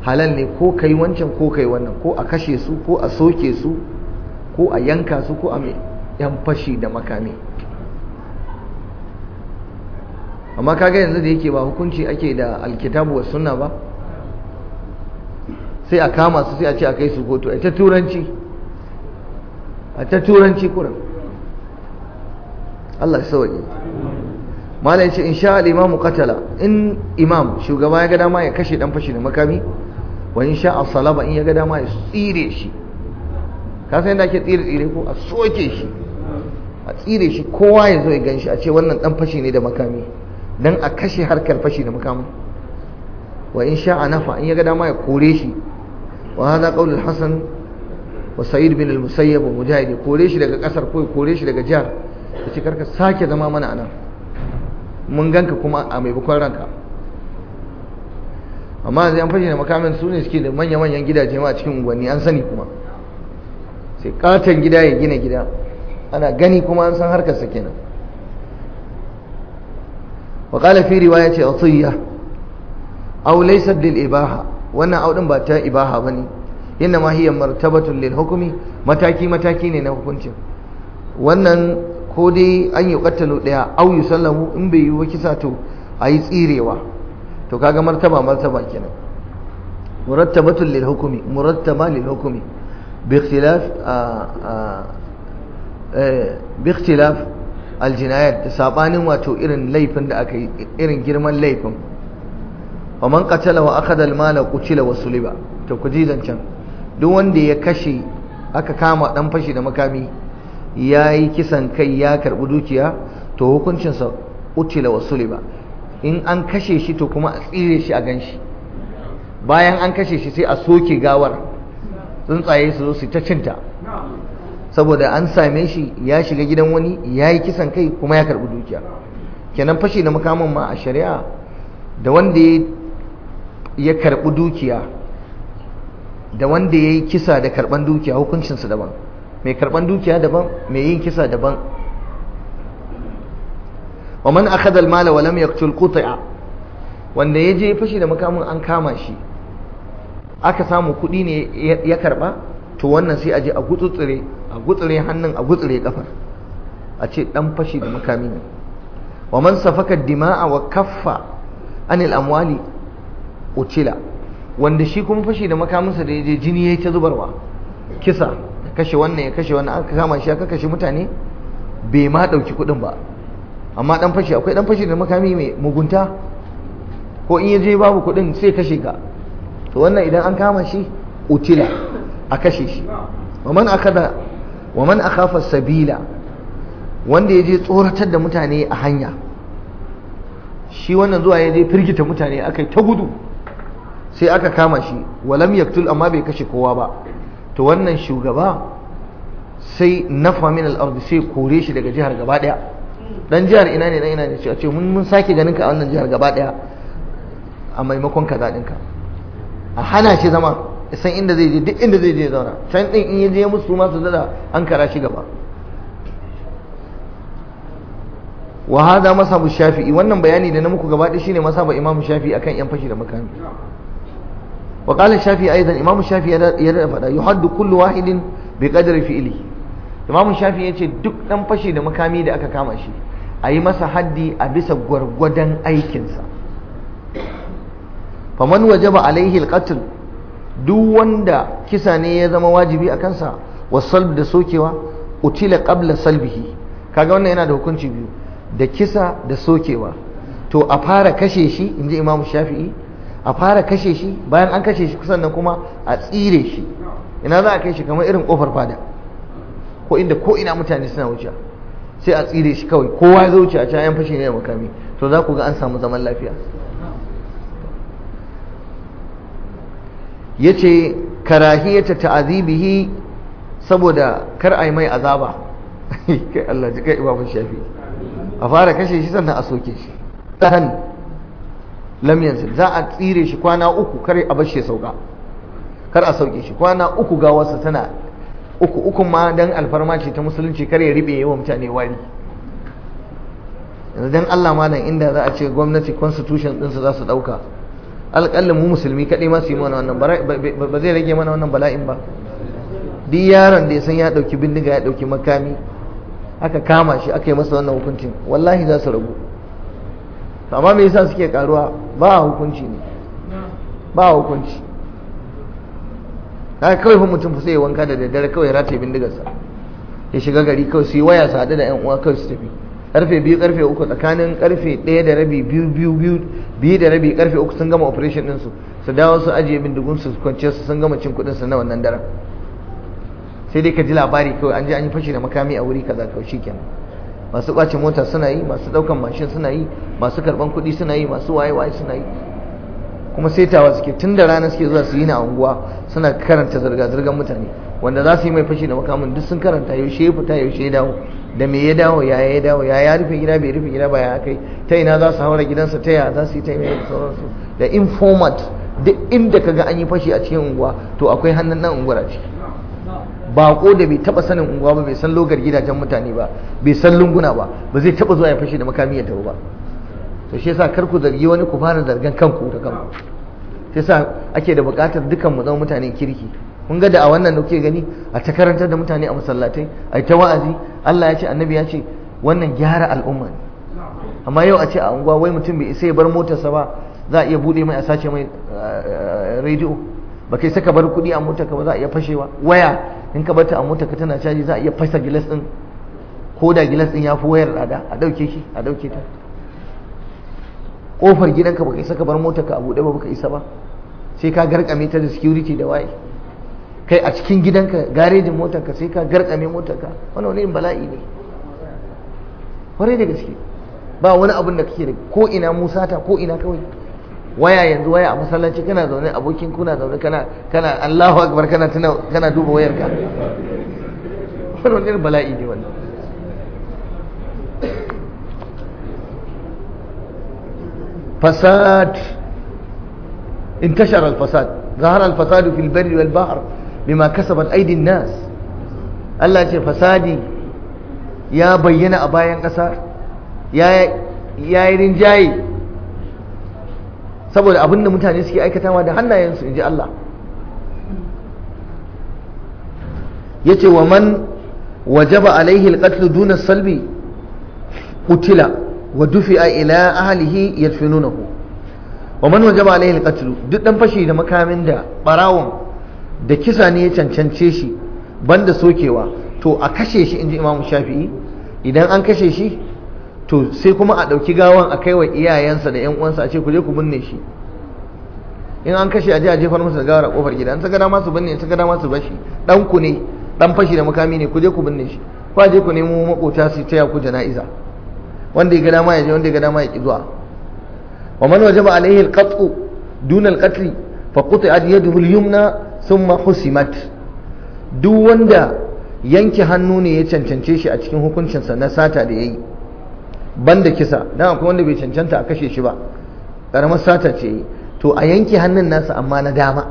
halal ne ko kai wancan ko kai wannan ko a kashe su ko a soke su ko a yanka su ko a mai yan fashi da makami amma kaga yanzu da yake ba hukunci ake da alkitabu wa sunna ba sai a kama su sai a ce a kai su kotu a ta turanci a ta turanci kuran Allah ya sauke malai ce in sha Alimamu katala in imam shugaba ya ga dama ya kashe dan fashi da makami wa in sha asalaba in ya ga dama ya tsire shi ka san yadda ake tsire tsire ko a soke shi a tsire shi kowa ya zo ya gan shi a ce wannan dan fashi ne da makami dan a kashe harkar fashi da makami wa in sha a nafa in ya ga dama ya kore shi وهذا قول الحسن وسعيد بن المسيب ومجاهد kore shi daga kasar ko kore shi daga jihar yace karka sake zama mana anan mun ganka kuma a maimakon ranka amma yanzu an fashe da makamin su ne suke da manya-manyan gidaje a cikin unguwanni an sani kuma sai katon gida ya gina gida ana gani kuma an san harkarsa kenan وقال في رواية عطية أو ليست للإباحة wannan audin ba ta ibaha bane inna ma hiya martabatun lil hukmi mataki mataki ne na hukuncin wannan ko dai an yi kattalo daya au yusallamu in bai yi wa kisa to ayi tsirewa to kaga martaba martaba kenan murattabatun lil hukmi murattaba lil hukmi bi ikhtilaf bi ikhtilaf sabanin wato irin laifin da aka yi irin girman laifin wa man qatala wa akhadha al-mala qutila wa to ku ji zancan duk wanda ya kashe aka kama dan fashi da makami yayi kisan kai ya karbi dukiya to hukuncin sa qutila wa suliba in an kashe shi to kuma a tsire shi a ganshi bayan an kashe shi sai a soke gawar tsuntsaye su zo su ta cinta saboda an same shi ya shiga gidan wani yayi kisan kai kuma ya karbi dukiya kenan fashi da makamin ma a shari'a da wanda ya ya karɓi dukiya da wanda ya yi kisa da karɓan dukiya hukuncinsa daban mai karɓan dukiya daban mai yin kisa daban wa man akhadha al-mala wa lam yaqtul qut'a wanda ya je fashi da makamin an kama shi aka samu kuɗi ne ya karɓa to wannan sai a je a gutsutsure a gutsure hannun a gutsure kafar a ce dan fashi da makami ne wa man safaka dima'a wa kaffa anil amwali utila wanda shi kuma fashi da makamansa da je jini yayi ta zubarwa kisa kashe wannan ya kashe wannan aka kama shi aka kashe mutane bai ma dauki kudin ba amma dan fashi akwai dan fashi da makami mai mugunta ko in je babu kudin sai kashe ka to wannan idan an kama shi utila a kashe shi Wa akada waman akhafa sabila wanda ya je tsoratar da mutane a hanya shi wannan zuwa ya je firgita mutane akai ta gudu sai aka kama shi walam yaktul amma bai kashe kowa ba to wannan shugaba sai nafa min al sai kore shi daga jihar gaba daya dan jihar ina ne na ina ne ce mun mun sake ganin ka a wannan jihar gaba daya a maimakon ka din ka a hana shi zama san inda zai je duk inda zai je zauna can din in je musu ma su zada an kara shi gaba wa hada masabu shafi'i wannan bayani da na muku gaba ɗaya shine masaba imamu shafi'i akan yan fashi da makami waƙalin shafi ya aizani imam mu shafi ya na da fada yohadu kullu wahilin bai gajara fiye. imam mu shafi yace duk dan fashe da mukammanin da aka kama shi a yi masa haddi a bisa gwagwadan aikin sa. faman waje ba a layi hilƙa duk wanda kisa ne ya zama wajibi a kansa wa da saukewa utila kabla salbihi kaga wannan yana da hukuncin biyu da kisa da saukewa to a fara kashe shi inji je imam mu a fara kashe shi bayan an kashe shi kusan nan kuma a tsire shi ina za a kai shi kamar irin kofar fada ko inda ko ina mutane suna wuce sai a tsire shi kawai kowa ya wuce a can fashe ne da makami to za ku ga an samu zaman lafiya ya ce karahiyata ta'azibihi saboda kar a yi mai azaba kai Allah ji kai shafi a fara kashe shi sannan a soke shi lam za a tsire shi kwana uku kare a bar shi sauka kar a sauke shi kwana uku ga wasu tana uku uku ma dan alfarma ce ta musulunci kar ya ribe yawan mutane wari yanzu dan Allah malam inda za a ce gwamnati constitution din su za su dauka alƙalla mu musulmi kaɗai ma su yi mana wannan ba zai rage mana wannan bala'in ba duk yaron da ya san ya dauki bindiga ya dauki makami aka kama shi aka yi masa wannan hukuncin wallahi za su ragu amma me yasa suke karuwa ba hukunci ne ba hukunci haka kawai fa mutum sai wanka da daddare kawai rataye bindigarsa ya shiga gari kawai su yi waya su haɗu da yan uwa kawai su tafi karfe biyu karfe uku tsakanin karfe ɗaya da rabi biyu biyu biyu biyu da rabi karfe uku sun gama operation ɗinsu su dawo su ajiye bindigun su kwanciyar su sun gama cin kuɗin su na wannan daren sai dai ka ji labari kawai an je an yi fashi da makami a wuri kaza kawai shikenan masu ɓace mota suna yi masu ɗaukan mashin suna yi masu karɓan kuɗi suna yi masu waye-waye suna yi kuma saitawa suke tun da rana suke zuwa su yi na unguwa suna karanta zirga-zirgar mutane wanda za su yi mai fashi da makamun duk sun karanta yaushe ya fita yaushe ya dawo da me ya dawo ya ya dawo ya ya rufe gida bai rufe gida ba ya kai ta ina za su haura gidansa ta ya za su yi ta mai da sauransu da informat duk inda kaga an yi fashi a cikin unguwa to akwai hannun nan unguwar a ciki bako da bai taba sanin unguwa ba bai san logar gidajen mutane ba bai san lunguna ba ba zai taba zuwa ya fashe da makami ya tafi ba to shi yasa kar ku zargi wani ku fara zargan kanku da kanku shi yasa ake da buƙatar dukan mu zama mutanen kirki Mun ga da a wannan da gani a ta karantar da mutane a masallatai a ta wa'azi Allah ya ce annabi ya ce wannan gyara al'umma ne amma yau a ce a unguwa wai mutum bai isa ya bar motarsa ba za a iya bude mai a sace mai eh, eh, rediyo ba kai saka bar kuɗi a mota ka ba za a iya fashewa waya in ka bata a mota ka tana caji za a iya fasa gilas din ko da gilas din ya fi wayar rada, a dauke shi a dauke ta kofar gidanka baka isa ka bar mota ka a buɗe ba baka isa ba sai ka garkame ta da security da waye kai a cikin gidanka garejin motarka sai ka garkame motarka wannan wani bala'i ne kwarai da gaske ba wani abin da kake da ko ina musata, ko ina kawai waya yanzu waya a masallaci kana zaune abokin kuna zaune kana kana Allahu akbar kana tana kana duba wayarka wannan bala'i ne wannan fasad intashara al-fasad zahara al-fasadu fil barri wal bahr bima kasabat aydin nas Allah ce fasadi ya bayyana a bayan ƙasa ya yi rinjaye saboda abin da mutane suke aikatawa da hannayensu in ji Allah ya ce wa man wajaba alaihi alƙatlu duna salbi Ƙutila, wa a ila nuna ku. wa man wajaba alaihi alƙatlu duk ɗan fashi da makamin da ɓarawon da kisa ne ya cancance shi ban da sokewa to a kashe shi in ji imamu shafi'i idan an kashe shi to sai kuma a ɗauki gawan a kai wa iyayensa da 'yan uwansa a ce ku je ku binne shi in an kashe a je a jefar da gawar a kofar gida an ta gada masu binne ta gada masu bashi dan ku ne dan fashi da mukami ne ku je ku binne shi a je ku nemo makota su taya ku jana'iza wanda ya gada ma ya je wanda ya gada ma ya ki zuwa wa man wajaba alaihi alqat'u duna alqatl fa quti'at yaduhu alyumna thumma husimat duk wanda yanke hannu ne ya cancance shi a cikin hukuncinsa na sata da yayi banda kisa dan akwai wanda bai cancanta a kashe shi ba karamar sata ce to a yanke hannun nasa amma na dama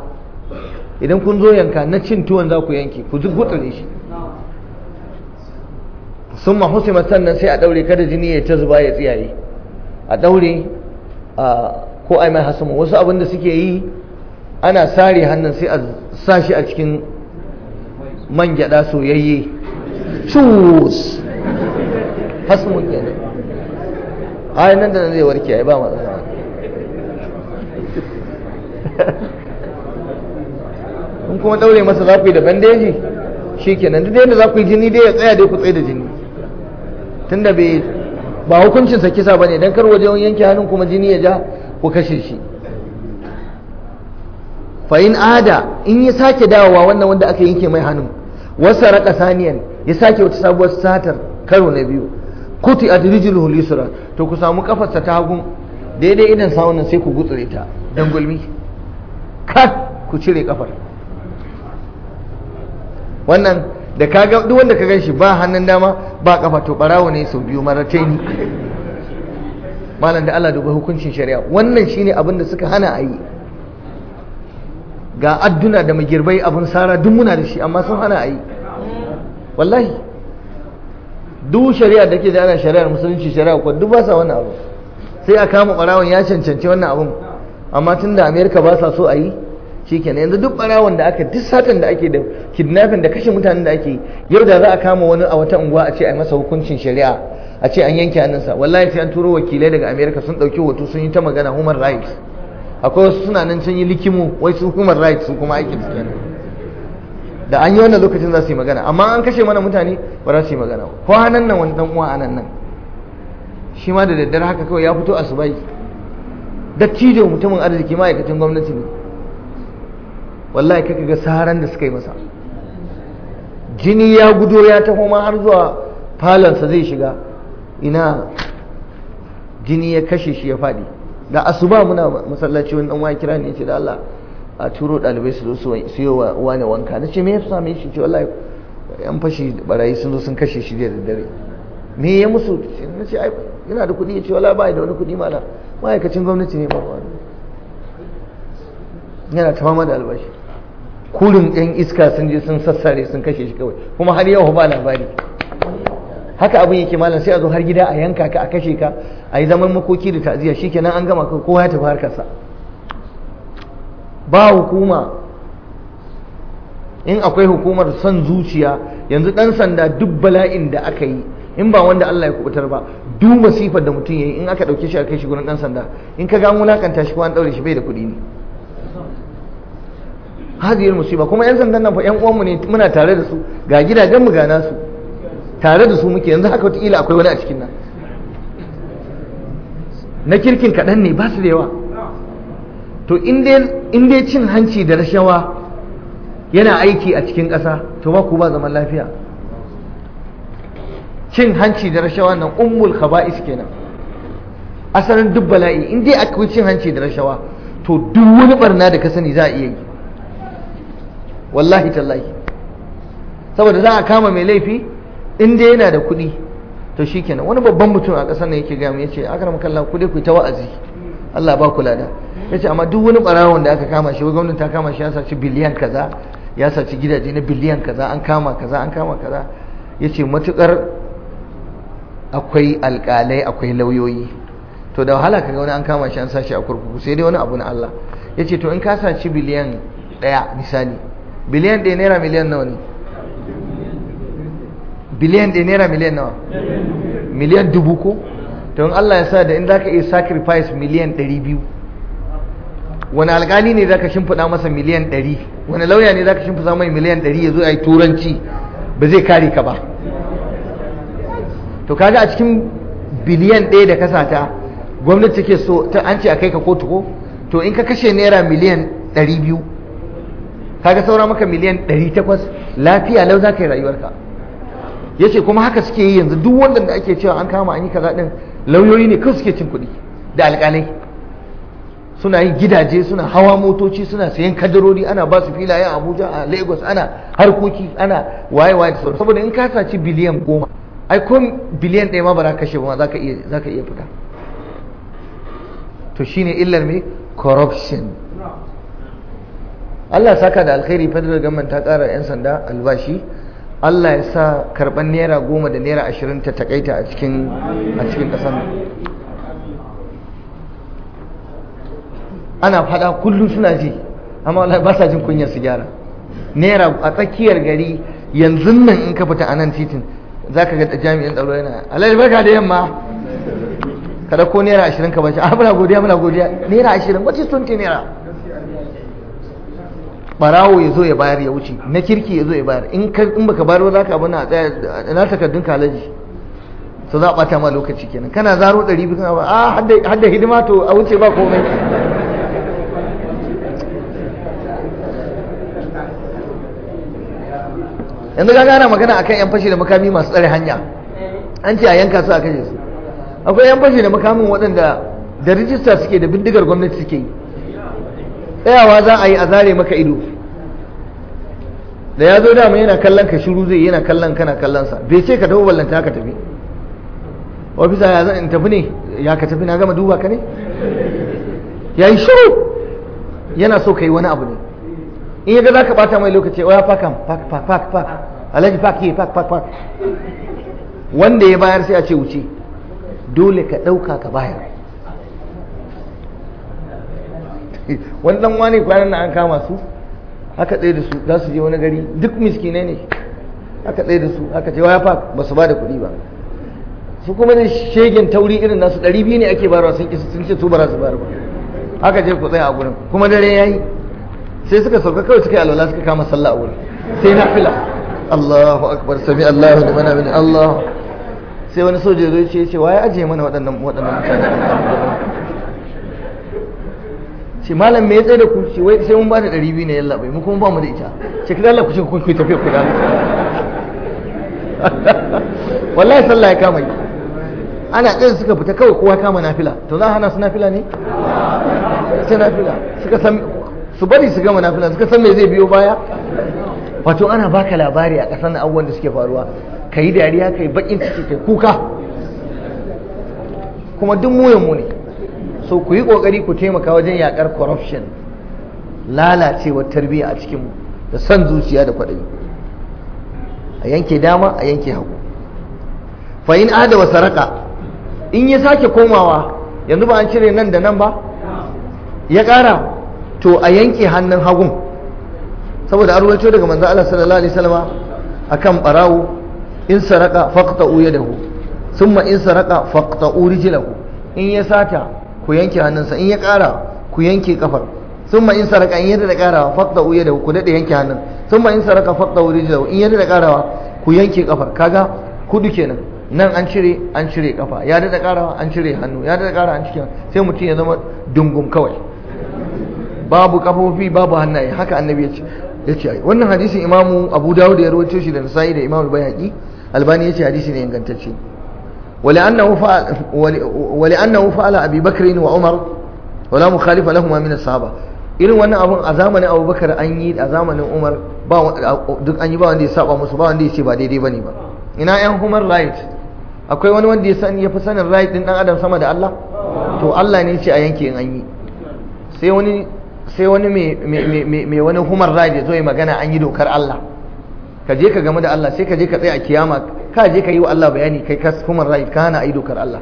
idan kun zo yanka na cin tuwon za ku yanki, ku gutsure shi sun mahusima sannan sai a daure kada jini ya ta zuba ya tsiyaye a daure ko a mai wasu abin da suke yi ana sare hannun sai a sa shi a cikin man gyada soyayye cus hasmun kenan ai nan da nan zai warke ai ba matsala kun kuma daure masa za ku yi da bandeji shi duk yadda za ku yi jini dai ya tsaya dai ku tsaye da jini tunda bai ba hukuncinsa kisa ba ne don kar wajen yanke hannun kuma jini ya ja ku kashe shi in ada in ya sake dawowa wannan wanda aka yanke mai hannun wasu raka saniyan ya sake wata sabuwar satar karo na biyu kuti a dirijin hulisura to ku samu kafarsa ta hagu daidai idan sawunan sai ku gutsure ta don gulmi kan ku cire kafar wannan da kaga duk wanda ka shi ba hannun dama ba kafa to barawo ne sau biyu ni. malam da Allah duba hukuncin shari'a wannan shine abin da suka hana a yi ga adduna da magirbai abin sara duk muna da shi amma sun hana a yi wallahi duk shari'a da ke da ana shari'ar musulunci shari'a kuwa duk ba sa wannan abu sai a kama barawon ya cancanci wannan abun amma tun da amerika ba sa so a yi shi yanzu duk barawon da aka duk satan da ake da kidnapping da kashe mutanen da ake yau da za a kama wani a wata unguwa a ce a yi masa hukuncin shari'a a ce an yanke hannunsa wallahi sai an turo wakilai daga amerika sun ɗauki hoto sun yi ta magana human rights akwai wasu suna nan sun yi likimu wai su human rights su kuma aikin su kenan da an yi wannan lokacin za su yi magana amma an kashe mana mutane ba za su yi magana ko hannun nan wani uwa a nan shi ma da daddare haka kawai ya fito asubai dattijo mutumin arziki ma'aikacin gwamnati ne wallahi kaka ga saharan da suka yi masa jini ya gudo ya taho ma har zuwa falonsa zai shiga ina jini ya kashe shi ya faɗi da asuba muna masallaci wani ɗan kira ne ce da Allah a turo dalibai su zo su yi wa ne wanka na ce me ya same shi ce wallahi yan fashi barayi sun zo sun kashe shi da daddare me ya musu na ce yana da kuɗi ya ce wallahi ba da wani kuɗi mana ma'aikacin gwamnati ne ba yana ta fama da albashi kurin yan iska sun je sun sassare sun kashe shi kawai kuma har yau ba labari haka abin yake malam sai a zo har gida a yanka ka a kashe ka a yi zaman makoki da ta'aziyya shikenan an gama ka kowa ya tafi harkarsa ba hukuma in akwai hukumar son zuciya yanzu dan sanda duk bala'in da aka yi in ba wanda Allah ya kubutar ba duk masifar da mutum yayi in aka dauke shi aka kai shi gurin dan sanda in ka ga mulakanta shi ko an daure shi bai da kuɗi ne hadiyar musiba kuma yan sandan nan fa yan uwanmu ne muna tare da su ga gidajen mu ga nasu tare da su muke yanzu haka watakila akwai wani a cikin nan na kirkin kaɗan ne ba su da yawa to in dai in dai cin hanci da rashawa yana aiki a cikin ƙasa to ba ku ba zaman lafiya cin hanci da rashawa nan ummul khaba'is kenan asalin duk bala'i in dai akwai cin hanci da rashawa to duk wani barna da ka sani za a iya yi wallahi tallahi saboda za a kama mai laifi in dai yana da kuɗi to shikenan wani babban mutum a ƙasar nan yake ga mu yace aka kallah kudi dai ku ta wa'azi Allah ba ku lada ya ce amma duk wani ɓarawon da aka kama shi gwamnati ta kama shi ya saci biliyan kaza ya saci gidaje na biliyan kaza an kama kaza an kama kaza ya ce matuƙar akwai alƙalai akwai lauyoyi to da wahala kaga wani an kama shi an sa shi a kurkuku sai dai wani abu na Allah ya ce to in ka saci biliyan ɗaya misali biliyan ɗaya naira miliyan nawa ne biliyan ɗaya naira miliyan nawa miliyan dubu ko to in Allah ya sa da in za ka iya sacrifice miliyan ɗari biyu wani alkali ne za ka shimfiɗa masa miliyan ɗari wani lauya ne za zaka shimfiɗa mai miliyan ɗari ya zo a yi turanci ba zai kare ka ba to kaga a cikin biliyan ɗaya da ta gwamnati ke so ta an ce a kai ka kotu ko to in ka kashe naira miliyan ɗari biyu kaga saura maka miliyan ɗari takwas lafiya lau za ka yi rayuwarka ya ce kuma haka suke yi yanzu duk wanda ake cewa an kama an yi kaza ɗin lauyoyi ne kawai suke cin kuɗi da alƙalai suna yin gidaje suna hawa motoci suna sayan kadarori ana ba su filayen abuja a lagos ana harkoki ana waye waye sauran saboda in ka saci biliyan goma ai ko biliyan ɗaya ma ba za ka kashe ba za iya fita to shine illar me corruption Allah saka da alkhairi federal government ta ƙara 'yan sanda albashi Allah ya sa karɓar naira goma da naira ashirin ta takaita a cikin ƙasar ana fada kullum suna ji amma wallahi ba sa jin kunyar su gyara naira a tsakiyar gari yanzu nan in ka fita a nan titin za ka ga jami'in tsaro yana alai barka da yamma kada ko naira ashirin ka bashi a ah, muna godiya muna godiya naira ashirin wacce sun ce naira barawo ya zo ya bayar ya wuce na kirki ya zo ya bayar in baka bayar za ka bana a tsaya na takardun kalaji su za a bata ma lokaci kenan kana zaro ɗari biyu ba ah, a hadda hidima to a wuce ba komai yanzu ga gana magana akan yan fashi da makami masu tsare hanya an ce a yanka su a kashe su akwai yan fashi da makamin waɗanda da rijista suke da bindigar gwamnati suke yi tsayawa za a yi a zare maka ido da ya zo dama yana kallon ka shiru zai yana kallon kana kallon sa bai ce ka tafi ballanta ka tafi ofisa ya zan in tafi ne ya ka tafi na gama duba ka ne ya yi shiru yana so ka yi wani abu ne in ga za ka bata mai lokaci ya fakam fak fak fak fak alhaji fak ke fak fak fak wanda ya bayar sai a ce wuce dole ka ɗauka ka bayar wani dan wani kwanan na an kama su aka tsaye da su za su je wani gari duk miskine ne aka tsaye da su aka ce waya fak ba su ba da kuɗi ba su kuma da shegen tauri irin nasu ɗari biyu ne ake barawa sun kisa sun ce su bara su bayar ba aka je ku tsaya a gurin kuma dare ya yi sai suka sauka kawai suka yi alwala suka kama sallah a wurin sai na fila Allahu akbar sami Allahu liman hamid Allah sai wani soja zai ce ce waye aje mana waɗannan waɗannan mutane ce malam me ya tsaye da ku ce wai sai mun ba da 200 ne yalla bai mu kuma ba mu da ita ce kada Allah ku ce ku ku tafi ku da wallahi sallah ya kama ana ɗin suka fita kawai kowa kama nafila to za a hana su nafila ne ce nafila suka san su bari su gama nafila suka san me zai biyo baya wato ana baka labari a ƙasar abubuwan da suke faruwa ka yi dariya ka yi baƙin ciki ka kuka kuma duk mu ne so ku yi ƙoƙari ku taimaka wajen yaƙar corruption lalacewar tarbiyya a cikinmu da son zuciya da kwaɗayi a yanke dama a yanke hagu fa ada wa saraka in ya sake komawa yanzu ba an cire nan da nan ba ya ƙara to a yanke hannun hagun saboda an ruwaito daga manzo Allah sallallahu alaihi wasallam akan barawo in saraka faqta'u yadahu thumma in saraka faqta'u rijlahu in ya sata ku yanke hannunsa in ya kara ku yanke kafar thumma in saraka in yadda da karawa faqta'u yadahu ku dade yanke hannun thumma in saraka faqta'u rijlahu in yadda da karawa ku yanke kafar kaga kudu kenan nan an cire an cire kafa ya dade karawa an cire hannu ya dade kara an cire sai mutum ya zama dungum kawai babu kafofi babu hannaye haka annabi ya ce yace ai wannan hadisin imamu abu dawud ya rawaito shi da nasa'i da imamu bayhaqi albani yace hadisi ne ingantacce fa فعل ولأنه فعل Umar? wa وعمر ولا مخالف min من الصحابة irin wannan abun a zamanin abubakar an yi a zamanin umar duk an yi ba wanda ya saba musu ba wanda ya ce ba daidai ba ne ba ina yan Umar right akwai wani wanda ya san ya fi sanin right din dan adam sama da Allah to Allah ne ce a yanke in an yi sai wani sai wani mai wani humar right ya zo ya magana an yi dokar Allah ka je ka game da Allah sai ka je ka tsaya a kiyama ka je ka yi wa Allah bayani kai kas human right ka hana a yi dokar Allah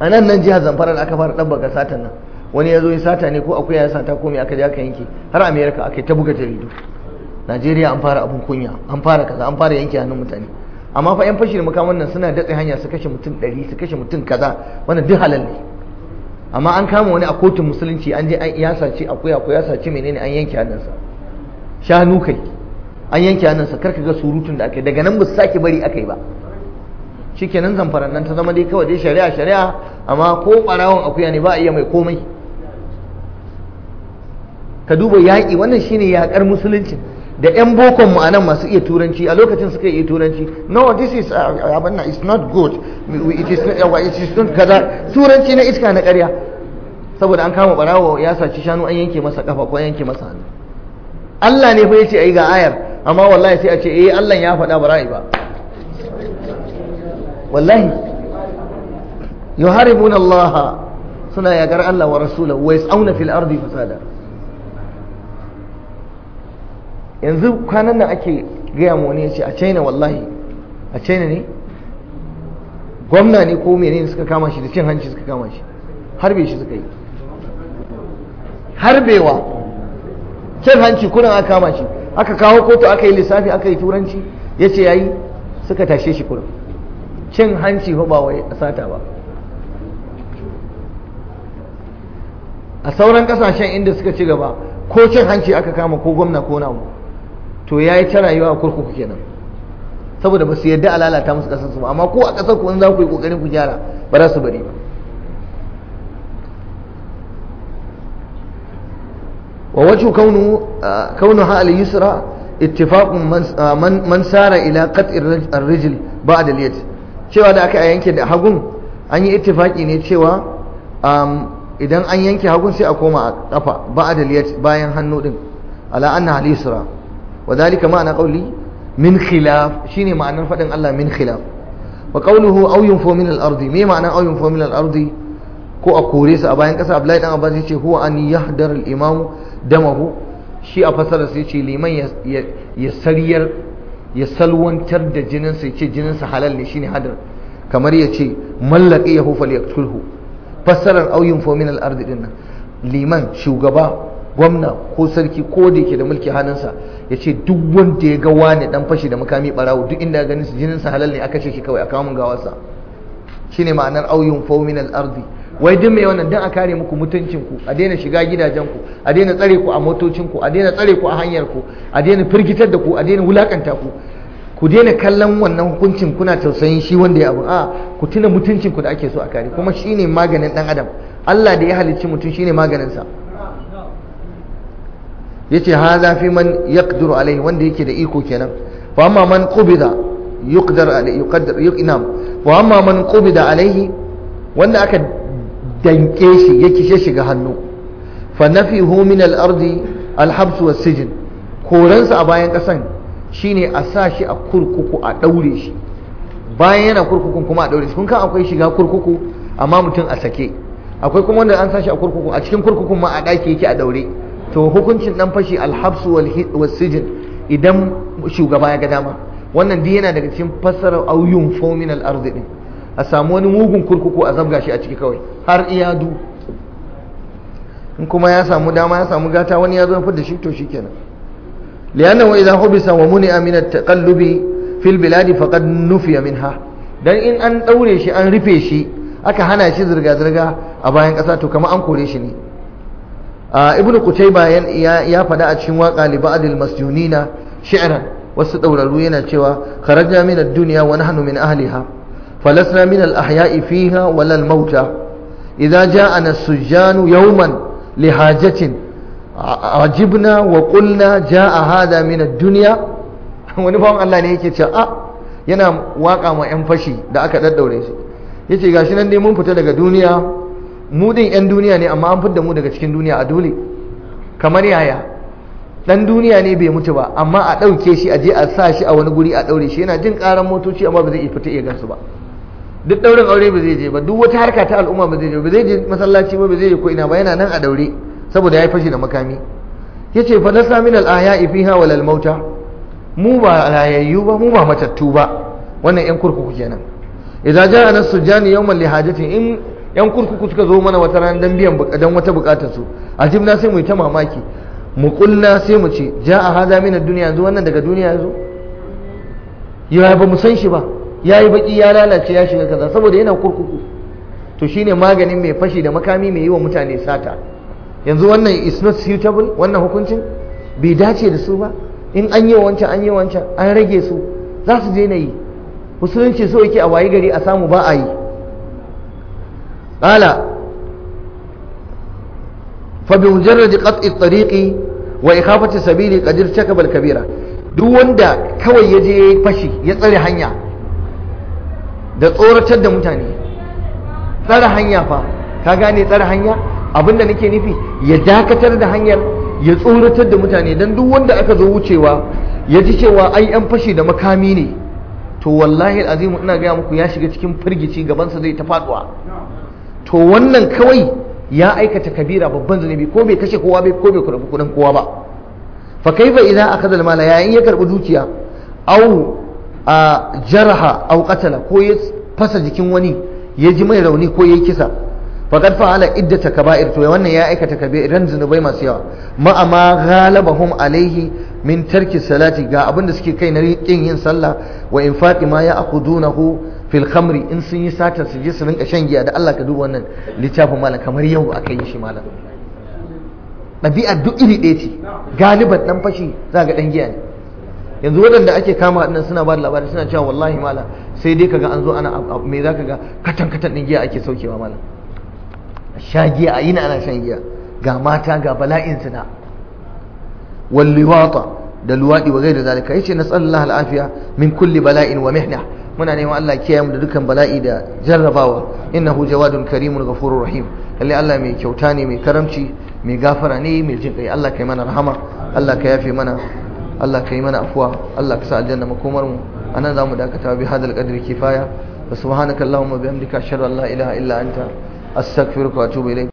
a nan nan jihar zamfara da aka fara ɗabbaka satan nan wani ya zo yi sata ne ko akwai ya sata ko mai aka je aka yanke har amerika aka ta buga jaridu najeriya an fara abun kunya an fara kaza an fara yanke hannun mutane amma fa yan fashi da nan suna datse hanya su kashe mutum ɗari su kashe mutum kaza wannan duk halal ne amma an kama wani a kotun musulunci an je an ya sace akuya ko ya sace menene an yanke hannunsa shanu kai an yanke hannunsa karka ga surutun da aka daga nan ba su sake bari aka yi ba shikenan zamfaran nan ta zama dai kawai dai shari'a shari'a amma ko barawon akuya ne ba a iya mai komai ka duba yaƙi wannan shine yaƙar musulunci da yan bokon mu anan masu iya turanci a lokacin suka iya turanci no this is uh, it's not good it is it is not kaza turanci na iska na ƙarya saboda an kama barawo ya saci shanu an yanke masa kafa ko yanke masa hannu Allah ne fa yace ai ga ayar amma wallahi sai a ce eh Allah ya faɗa bara'i ba wallahi yuharibuna Allah suna yagar Allah wa rasulahu wa yas'una fil ardi fasada yanzu kwanan nan ake gaya mu wani ya ce a china wallahi a china ne gwamna ne ko mene ne suka kama shi da cin hanci suka kama shi harbe shi suka yi harbewa cin hanci kunan aka kama shi aka kawo kotu aka yi lissafi aka yi turanci ya ce ya yi suka tashe shi kunan cin hanci ba wai a sata ba a sauran kasashen inda suka ci gaba ko cin hanci aka kama ko gwamna ko namu to ya yi ta rayuwa a kurkuku kenan saboda ba su yadda a lalata musu ƙasar su ba amma ko a ƙasar ku in za ku yi ƙoƙarin ku gyara ba za su bari ba wa wacu kaunu ha al yusra ittifaq man sara ila qat'i ar rijl ba'da al yad cewa da aka yanke da hagun an yi ittifaki ne cewa idan an yanke hagun sai a koma a kafa ba'da al yad bayan hannu din ala anna al yusra wa zalika ma'ana qawli min khilaf shine ma'anar fadin Allah min khilaf wa qawluhu aw yunfu min al-ardi me ma'ana aw yunfu min ko a kore su a bayan kasa Abdullahi dan Abbas yace huwa an yahdar al-imam damahu shi a fasara sai yace liman ya sariyar ya salwantar da jinin sa yace jinin sa halal ne shine hadar kamar yace mallaki yahu falyaqtulhu fasarar aw yunfu min al-ardi dinnan liman shugaba gwamna ko sarki ko da yake da mulki hannunsa ya ce duk wanda ya ga wani dan fashi da makami barawo duk inda ya ganin su jinin sa halal ne aka ce shi kawai a kawo mun gawarsa shine ma'anar auyun min al-ardi wai duk mai wannan dan a kare muku mutuncin ku a daina shiga gidajen ku a daina tsare ku a motocin ku a daina tsare ku a hanyar ku a daina firgitar da ku a daina wulakanta ku ku daina kallon wannan hukuncin kuna tausayin shi wanda ya abu a ku tuna mutuncin ku da ake so a kare kuma shine maganin dan adam Allah da ya halicci mutum shine maganin sa yace haza fi man yaqdiru alaihi wanda yake da iko kenan fa amma man qubida yuqdar alaihi amma man qubida wanda aka danke shi ya kishe shiga hannu fa nafihu min al-ardi al-habs wa sijn koransa a bayan kasan shine a sa shi a kurkuku a daure shi bayan yana kurkukun kuma a daure shi kun kan akwai shiga kurkuku amma mutum a sake akwai kuma wanda an sa shi a kurkuku a cikin kurkukun ma a daki yake a daure to hukuncin dan fashi alhabsu wal sijin idan shugaba ya ga dama wannan du yana daga cikin fassarar auyun fomin al-ardi din a samu wani mugun kurkuku a zabga shi a ciki kawai har iyadu in kuma ya samu dama ya samu gata wani ya zo da shi to shikenan lianna wa idha hubisa wa muni'a min at-taqallubi fil biladi faqad nufiya minha dan in an daure shi an rufe shi aka hana shi zirga zirga a bayan kasa to kamar an kore shi ne ibnu kutaiba ya faɗa a cikin waka li ba'dil masjunina shi'ran wasu ɗauraru yana cewa kharajna min ad-dunya wa nahnu min ahliha falasna min al-ahya'i fiha wa lal mauta idza ja'ana as-sujjanu yawman li hajatin ajibna wa qulna ja'a hadha min ad-dunya wani bawan Allah ne yake cewa a yana waka ma yan fashi da aka daddaure shi yace gashi nan ne mun fita daga duniya mu din yan duniya ne amma an da mu daga cikin duniya a dole kamar yaya dan duniya ne bai mutu ba amma a ɗauke shi a je a sa shi a wani guri a ɗaure shi yana jin ƙaran motoci amma ba zai iya fita iya gansu ba duk ɗaurin aure ba zai je ba duk wata harka ta al'umma ba zai je ba zai je masallaci ba ba zai je ko ina ba yana nan a ɗaure saboda ya yi fashi da makami ce fa lasa min al'aya ahyai fi hawa lalmauta? mu ba rayayyu ba mu ba matattu ba wannan yan kurkuku kenan Idan ja'a nasu jani yawman lihajatin in yan kurkuku suka zo mana wata ran dan biyan dan wata bukatar su na sai mu yi ta mamaki mu kulla sai mu ce a hada mina duniya yanzu wannan daga duniya yazo ya ba mu san shi ba yayi baki ya lalace ya shiga kaza saboda yana kurkuku to shine maganin mai fashi da makami mai yi wa mutane sata yanzu wannan is not suitable wannan hukuncin bai dace da su ba in an yi wancan an yi wancan an rage su za su je na yi musulunci so yake a wayi gari a samu ba a yi قال فبمجرد قطع الطريق وإخافة السبيل قد ارتكب الكبيرة duk wanda kawai ya je ya yi fashi ya tsare hanya da tsoratar da mutane tsare hanya fa ka gane tsare hanya abinda nake nufi ya dakatar da hanyar ya tsoratar da mutane don duk wanda aka zo wucewa ya ji cewa ai yan fashi da makami ne to wallahi azimu ina gaya muku ya shiga cikin firgici gabansa zai ta faduwa to wannan kawai ya aikata kabira babban zunubi ko bai kashe kowa ko bai kurbi kudin kowa ba fa kaifa idan akhadha al-mala yayin ya karbi dukiya au a jaraha au qatala ko ya fasa jikin wani ya ji mai rauni ko ya kisa faqad fa'ala iddata kaba'ir to wannan ya aikata kabiran zunubai masu yawa ma amma ghalabahum alaihi min tarki salati ga abin da suke kai na yin sallah wa infaqi ma ya'khudunahu fil khamri in sun yi satar su je su rinka shan giya da Allah ka duba wannan littafin malam kamar yau aka yi shi malam Ɗabi'a duk iri ɗaya ce galiban dan fashi za ga dan giya ne yanzu waɗanda ake kama nan suna ba da labari suna cewa wallahi mala sai dai kaga an zo ana me za ka ga katan katan ɗin giya ake saukewa mala sha giya a yi na ana shan giya ga mata ga bala'in suna walliwata da luwaɗi wa gairu zalika yace nasallallahu al'afiya min kulli bala'in wa mihna muna neman Allah kiyaye mu da dukkan bala'i da jarrabawa innahu jawadun karimun ghafurur rahim lalle Allah mai kyauta ne mai karamci mai gafara ne mai jin kai Allah kai mana rahama Allah ka yafe mana Allah ka yi mana afuwa Allah ka sa aljanna makomar mu anan zamu dakata bi hadal qadri kifaya wa subhanakallahumma bihamdika ashhadu an la ilaha illa anta astaghfiruka wa atubu ilayk